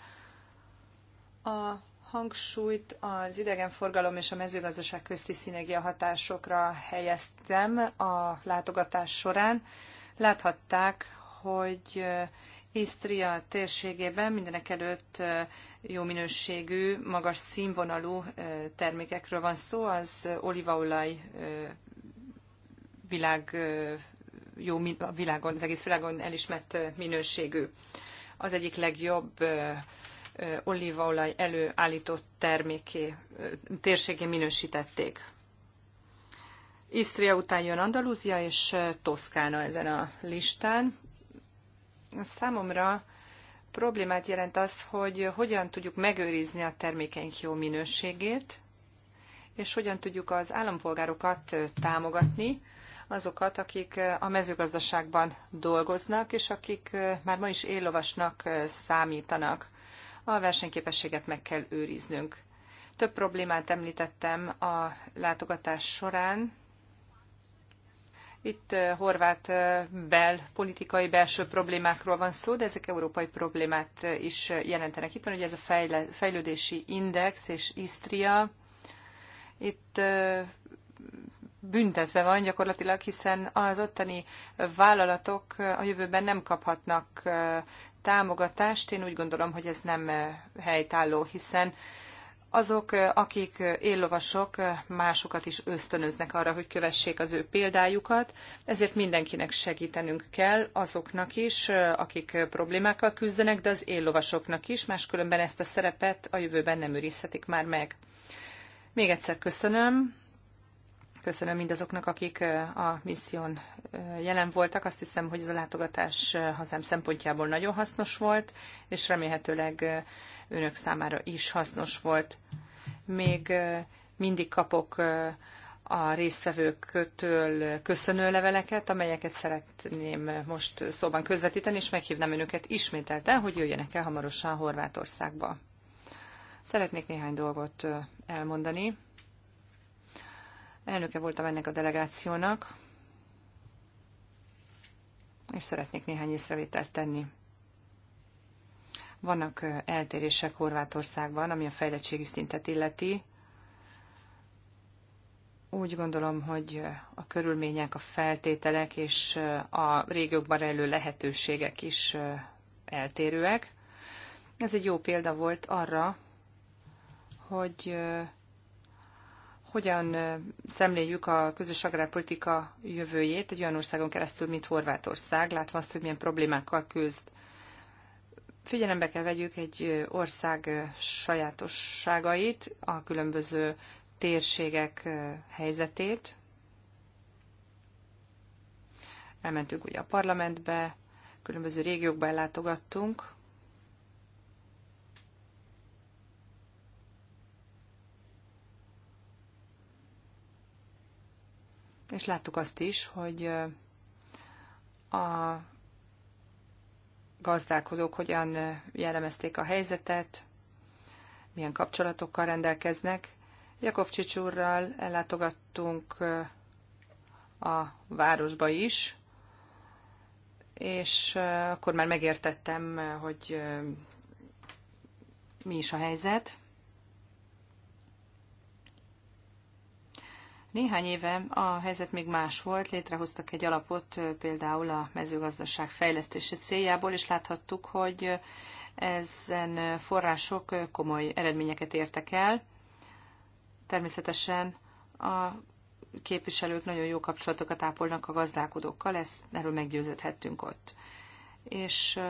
A hangsúlyt az idegenforgalom és a mezőgazdaság közti szinergia hatásokra helyeztem a látogatás során. Láthatták, hogy Isztria térségében mindenek előtt jó minőségű, magas színvonalú termékekről van szó, az olívaolaj világ jó világon, az egész világon elismert minőségű. Az egyik legjobb olívaolaj előállított terméké, térségé minősítették. Isztria után jön Andalúzia és Toszkána ezen a listán. Számomra problémát jelent az, hogy hogyan tudjuk megőrizni a termékeink jó minőségét, és hogyan tudjuk az állampolgárokat támogatni, azokat, akik a mezőgazdaságban dolgoznak, és akik már ma is éllovasnak számítanak. A versenyképességet meg kell őriznünk. Több problémát említettem a látogatás során, itt eh, horvát eh, belpolitikai belső problémákról van szó, de ezek európai problémát eh, is jelentenek. Itt van ugye ez a fejlődési index és Isztria. Itt büntetve van gyakorlatilag, hiszen az ottani vállalatok a jövőben nem kaphatnak támogatást. Én úgy gondolom, hogy ez nem helytálló, hiszen azok, akik éllovasok, másokat is ösztönöznek arra, hogy kövessék az ő példájukat, ezért mindenkinek segítenünk kell, azoknak is, akik problémákkal küzdenek, de az éllovasoknak is, máskülönben ezt a szerepet a jövőben nem őrizhetik már meg. Még egyszer köszönöm Köszönöm mindazoknak, akik a misszión jelen voltak. Azt hiszem, hogy ez a látogatás hazám szempontjából nagyon hasznos volt, és remélhetőleg önök számára is hasznos volt. Még mindig kapok a résztvevőktől köszönő leveleket, amelyeket szeretném most szóban közvetíteni, és meghívnám önöket ismételten, hogy jöjjenek el hamarosan Horvátországba. Szeretnék néhány dolgot elmondani Elnöke voltam ennek a delegációnak, és szeretnék néhány észrevételt tenni. Vannak eltérések Horvátországban, ami a fejlettségi szintet illeti. Úgy gondolom, hogy a körülmények, a feltételek és a régiókban rejlő lehetőségek is eltérőek. Ez egy jó példa volt arra, hogy hogyan szemléljük a közös agrárpolitika jövőjét egy olyan országon keresztül, mint Horvátország, látva azt, hogy milyen problémákkal küzd. Figyelembe kell vegyük egy ország sajátosságait, a különböző térségek helyzetét. Elmentünk ugye a parlamentbe, különböző régiókba ellátogattunk, és láttuk azt is, hogy a gazdálkodók hogyan jellemezték a helyzetet, milyen kapcsolatokkal rendelkeznek. Jakovcsics úrral ellátogattunk a városba is, és akkor már megértettem, hogy mi is a helyzet. Néhány éve a helyzet még más volt, létrehoztak egy alapot például a mezőgazdaság fejlesztése céljából, és láthattuk, hogy ezen források komoly eredményeket értek el. Természetesen a képviselők nagyon jó kapcsolatokat ápolnak a gazdálkodókkal, ezt, erről meggyőződhettünk ott. És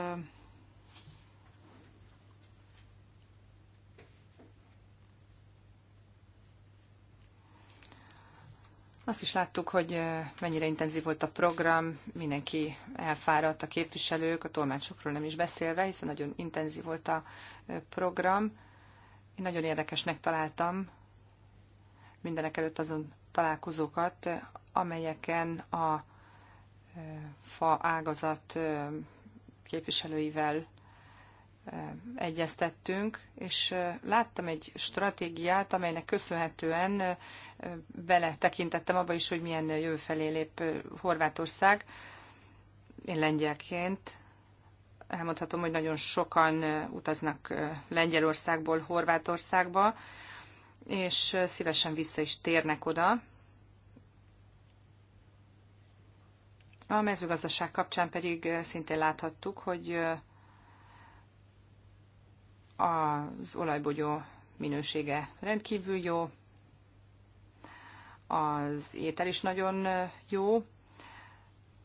Azt is láttuk, hogy mennyire intenzív volt a program, mindenki elfáradt, a képviselők, a tolmácsokról nem is beszélve, hiszen nagyon intenzív volt a program. Én nagyon érdekesnek találtam mindenek előtt azon találkozókat, amelyeken a fa ágazat képviselőivel egyeztettünk, és láttam egy stratégiát, amelynek köszönhetően beletekintettem tekintettem abba is, hogy milyen jövő felé lép Horvátország. Én lengyelként elmondhatom, hogy nagyon sokan utaznak Lengyelországból Horvátországba, és szívesen vissza is térnek oda. A mezőgazdaság kapcsán pedig szintén láthattuk, hogy az olajbogyó minősége rendkívül jó, az étel is nagyon jó,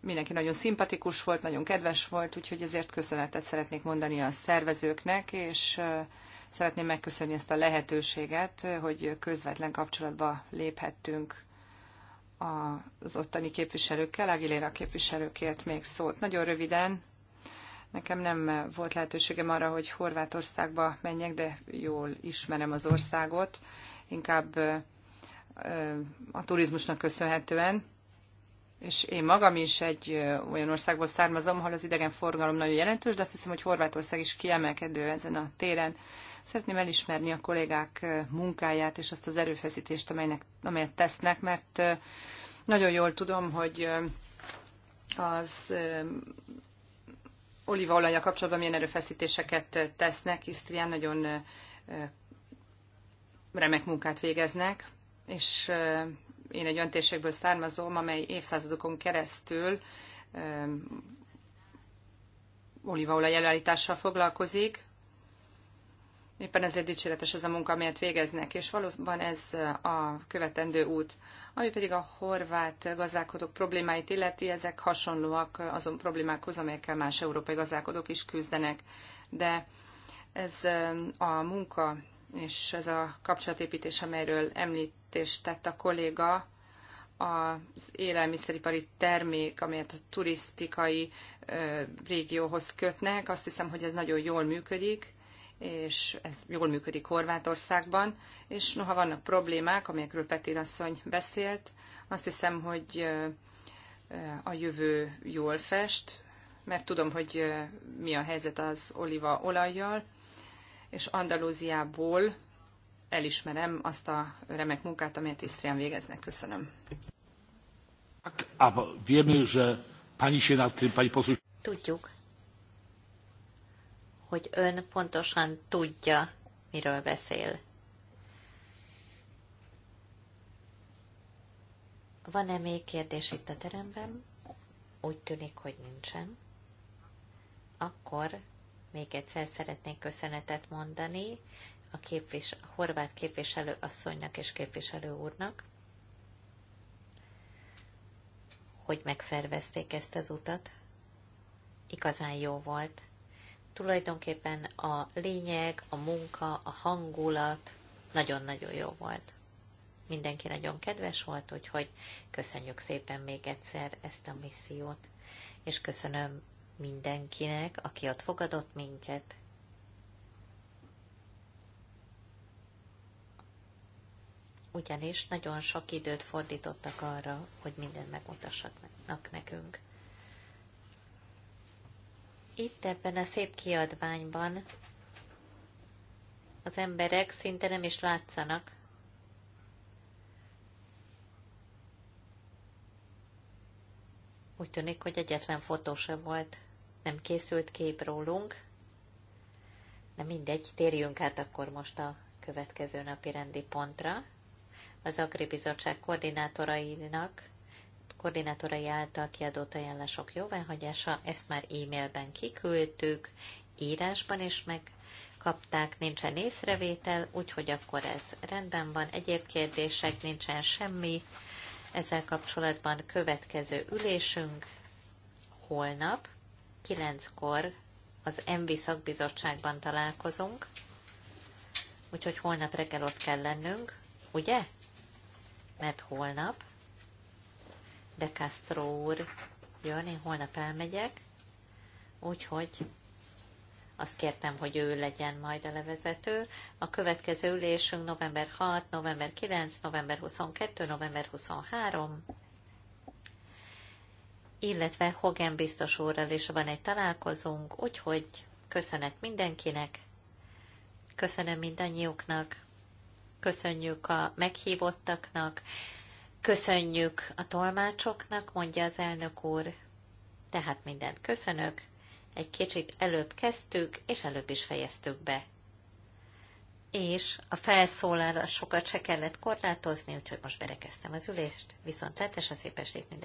mindenki nagyon szimpatikus volt, nagyon kedves volt, úgyhogy ezért köszönetet szeretnék mondani a szervezőknek, és szeretném megköszönni ezt a lehetőséget, hogy közvetlen kapcsolatba léphettünk az ottani képviselőkkel. Aguilera képviselőkért még szót. Nagyon röviden Nekem nem volt lehetőségem arra, hogy Horvátországba menjek, de jól ismerem az országot, inkább a turizmusnak köszönhetően. És én magam is egy olyan országból származom, ahol az idegenforgalom nagyon jelentős, de azt hiszem, hogy Horvátország is kiemelkedő ezen a téren. Szeretném elismerni a kollégák munkáját és azt az erőfeszítést, amelynek, amelyet tesznek, mert nagyon jól tudom, hogy az olívaolajjal kapcsolatban milyen erőfeszítéseket tesznek. Isztrián nagyon remek munkát végeznek, és én egy öntérségből származom, amely évszázadokon keresztül olívaolaj előállítással foglalkozik, Éppen ezért dicséretes ez a munka, amelyet végeznek, és valóban ez a követendő út. Ami pedig a horvát gazdálkodók problémáit illeti, ezek hasonlóak azon problémákhoz, amelyekkel más európai gazdálkodók is küzdenek. De ez a munka és ez a kapcsolatépítés, amelyről említést tett a kolléga, az élelmiszeripari termék, amelyet a turisztikai régióhoz kötnek. Azt hiszem, hogy ez nagyon jól működik, és ez jól működik Horvátországban, és noha vannak problémák, amelyekről Petir asszony beszélt, azt hiszem, hogy a jövő jól fest, mert tudom, hogy mi a helyzet az oliva olajjal, és Andalúziából elismerem azt a remek munkát, amelyet Isztrián végeznek. Köszönöm. Tudjuk, hogy ön pontosan tudja, miről beszél. Van-e még kérdés itt a teremben? Úgy tűnik, hogy nincsen. Akkor még egyszer szeretnék köszönetet mondani a, képvis, a horvát képviselő asszonynak és képviselő úrnak, hogy megszervezték ezt az utat. Igazán jó volt. Tulajdonképpen a lényeg, a munka, a hangulat nagyon-nagyon jó volt. Mindenki nagyon kedves volt, úgyhogy köszönjük szépen még egyszer ezt a missziót, és köszönöm mindenkinek, aki ott fogadott minket. Ugyanis nagyon sok időt fordítottak arra, hogy mindent megmutassanak nekünk. Itt ebben a szép kiadványban az emberek szinte nem is látszanak. Úgy tűnik, hogy egyetlen fotó sem volt. Nem készült kép rólunk. De mindegy, térjünk át akkor most a következő napi rendi pontra. Az Agribizottság koordinátorainak koordinátorai által kiadott ajánlások jóváhagyása, ezt már e-mailben kiküldtük, írásban is megkapták, nincsen észrevétel, úgyhogy akkor ez rendben van. Egyéb kérdések, nincsen semmi. Ezzel kapcsolatban következő ülésünk holnap, 9-kor az MV szakbizottságban találkozunk, úgyhogy holnap reggel ott kell lennünk, ugye? Mert holnap de Castro úr jön, én holnap elmegyek, úgyhogy azt kértem, hogy ő legyen majd a levezető. A következő ülésünk november 6, november 9, november 22, november 23, illetve Hogan biztos úrral is van egy találkozunk, úgyhogy köszönet mindenkinek, köszönöm mindannyiuknak, köszönjük a meghívottaknak, Köszönjük a tolmácsoknak, mondja az elnök úr. Tehát mindent köszönök. Egy kicsit előbb kezdtük, és előbb is fejeztük be. És a felszólalás sokat se kellett korlátozni, úgyhogy most berekeztem az ülést. Viszont letes a épesít minden.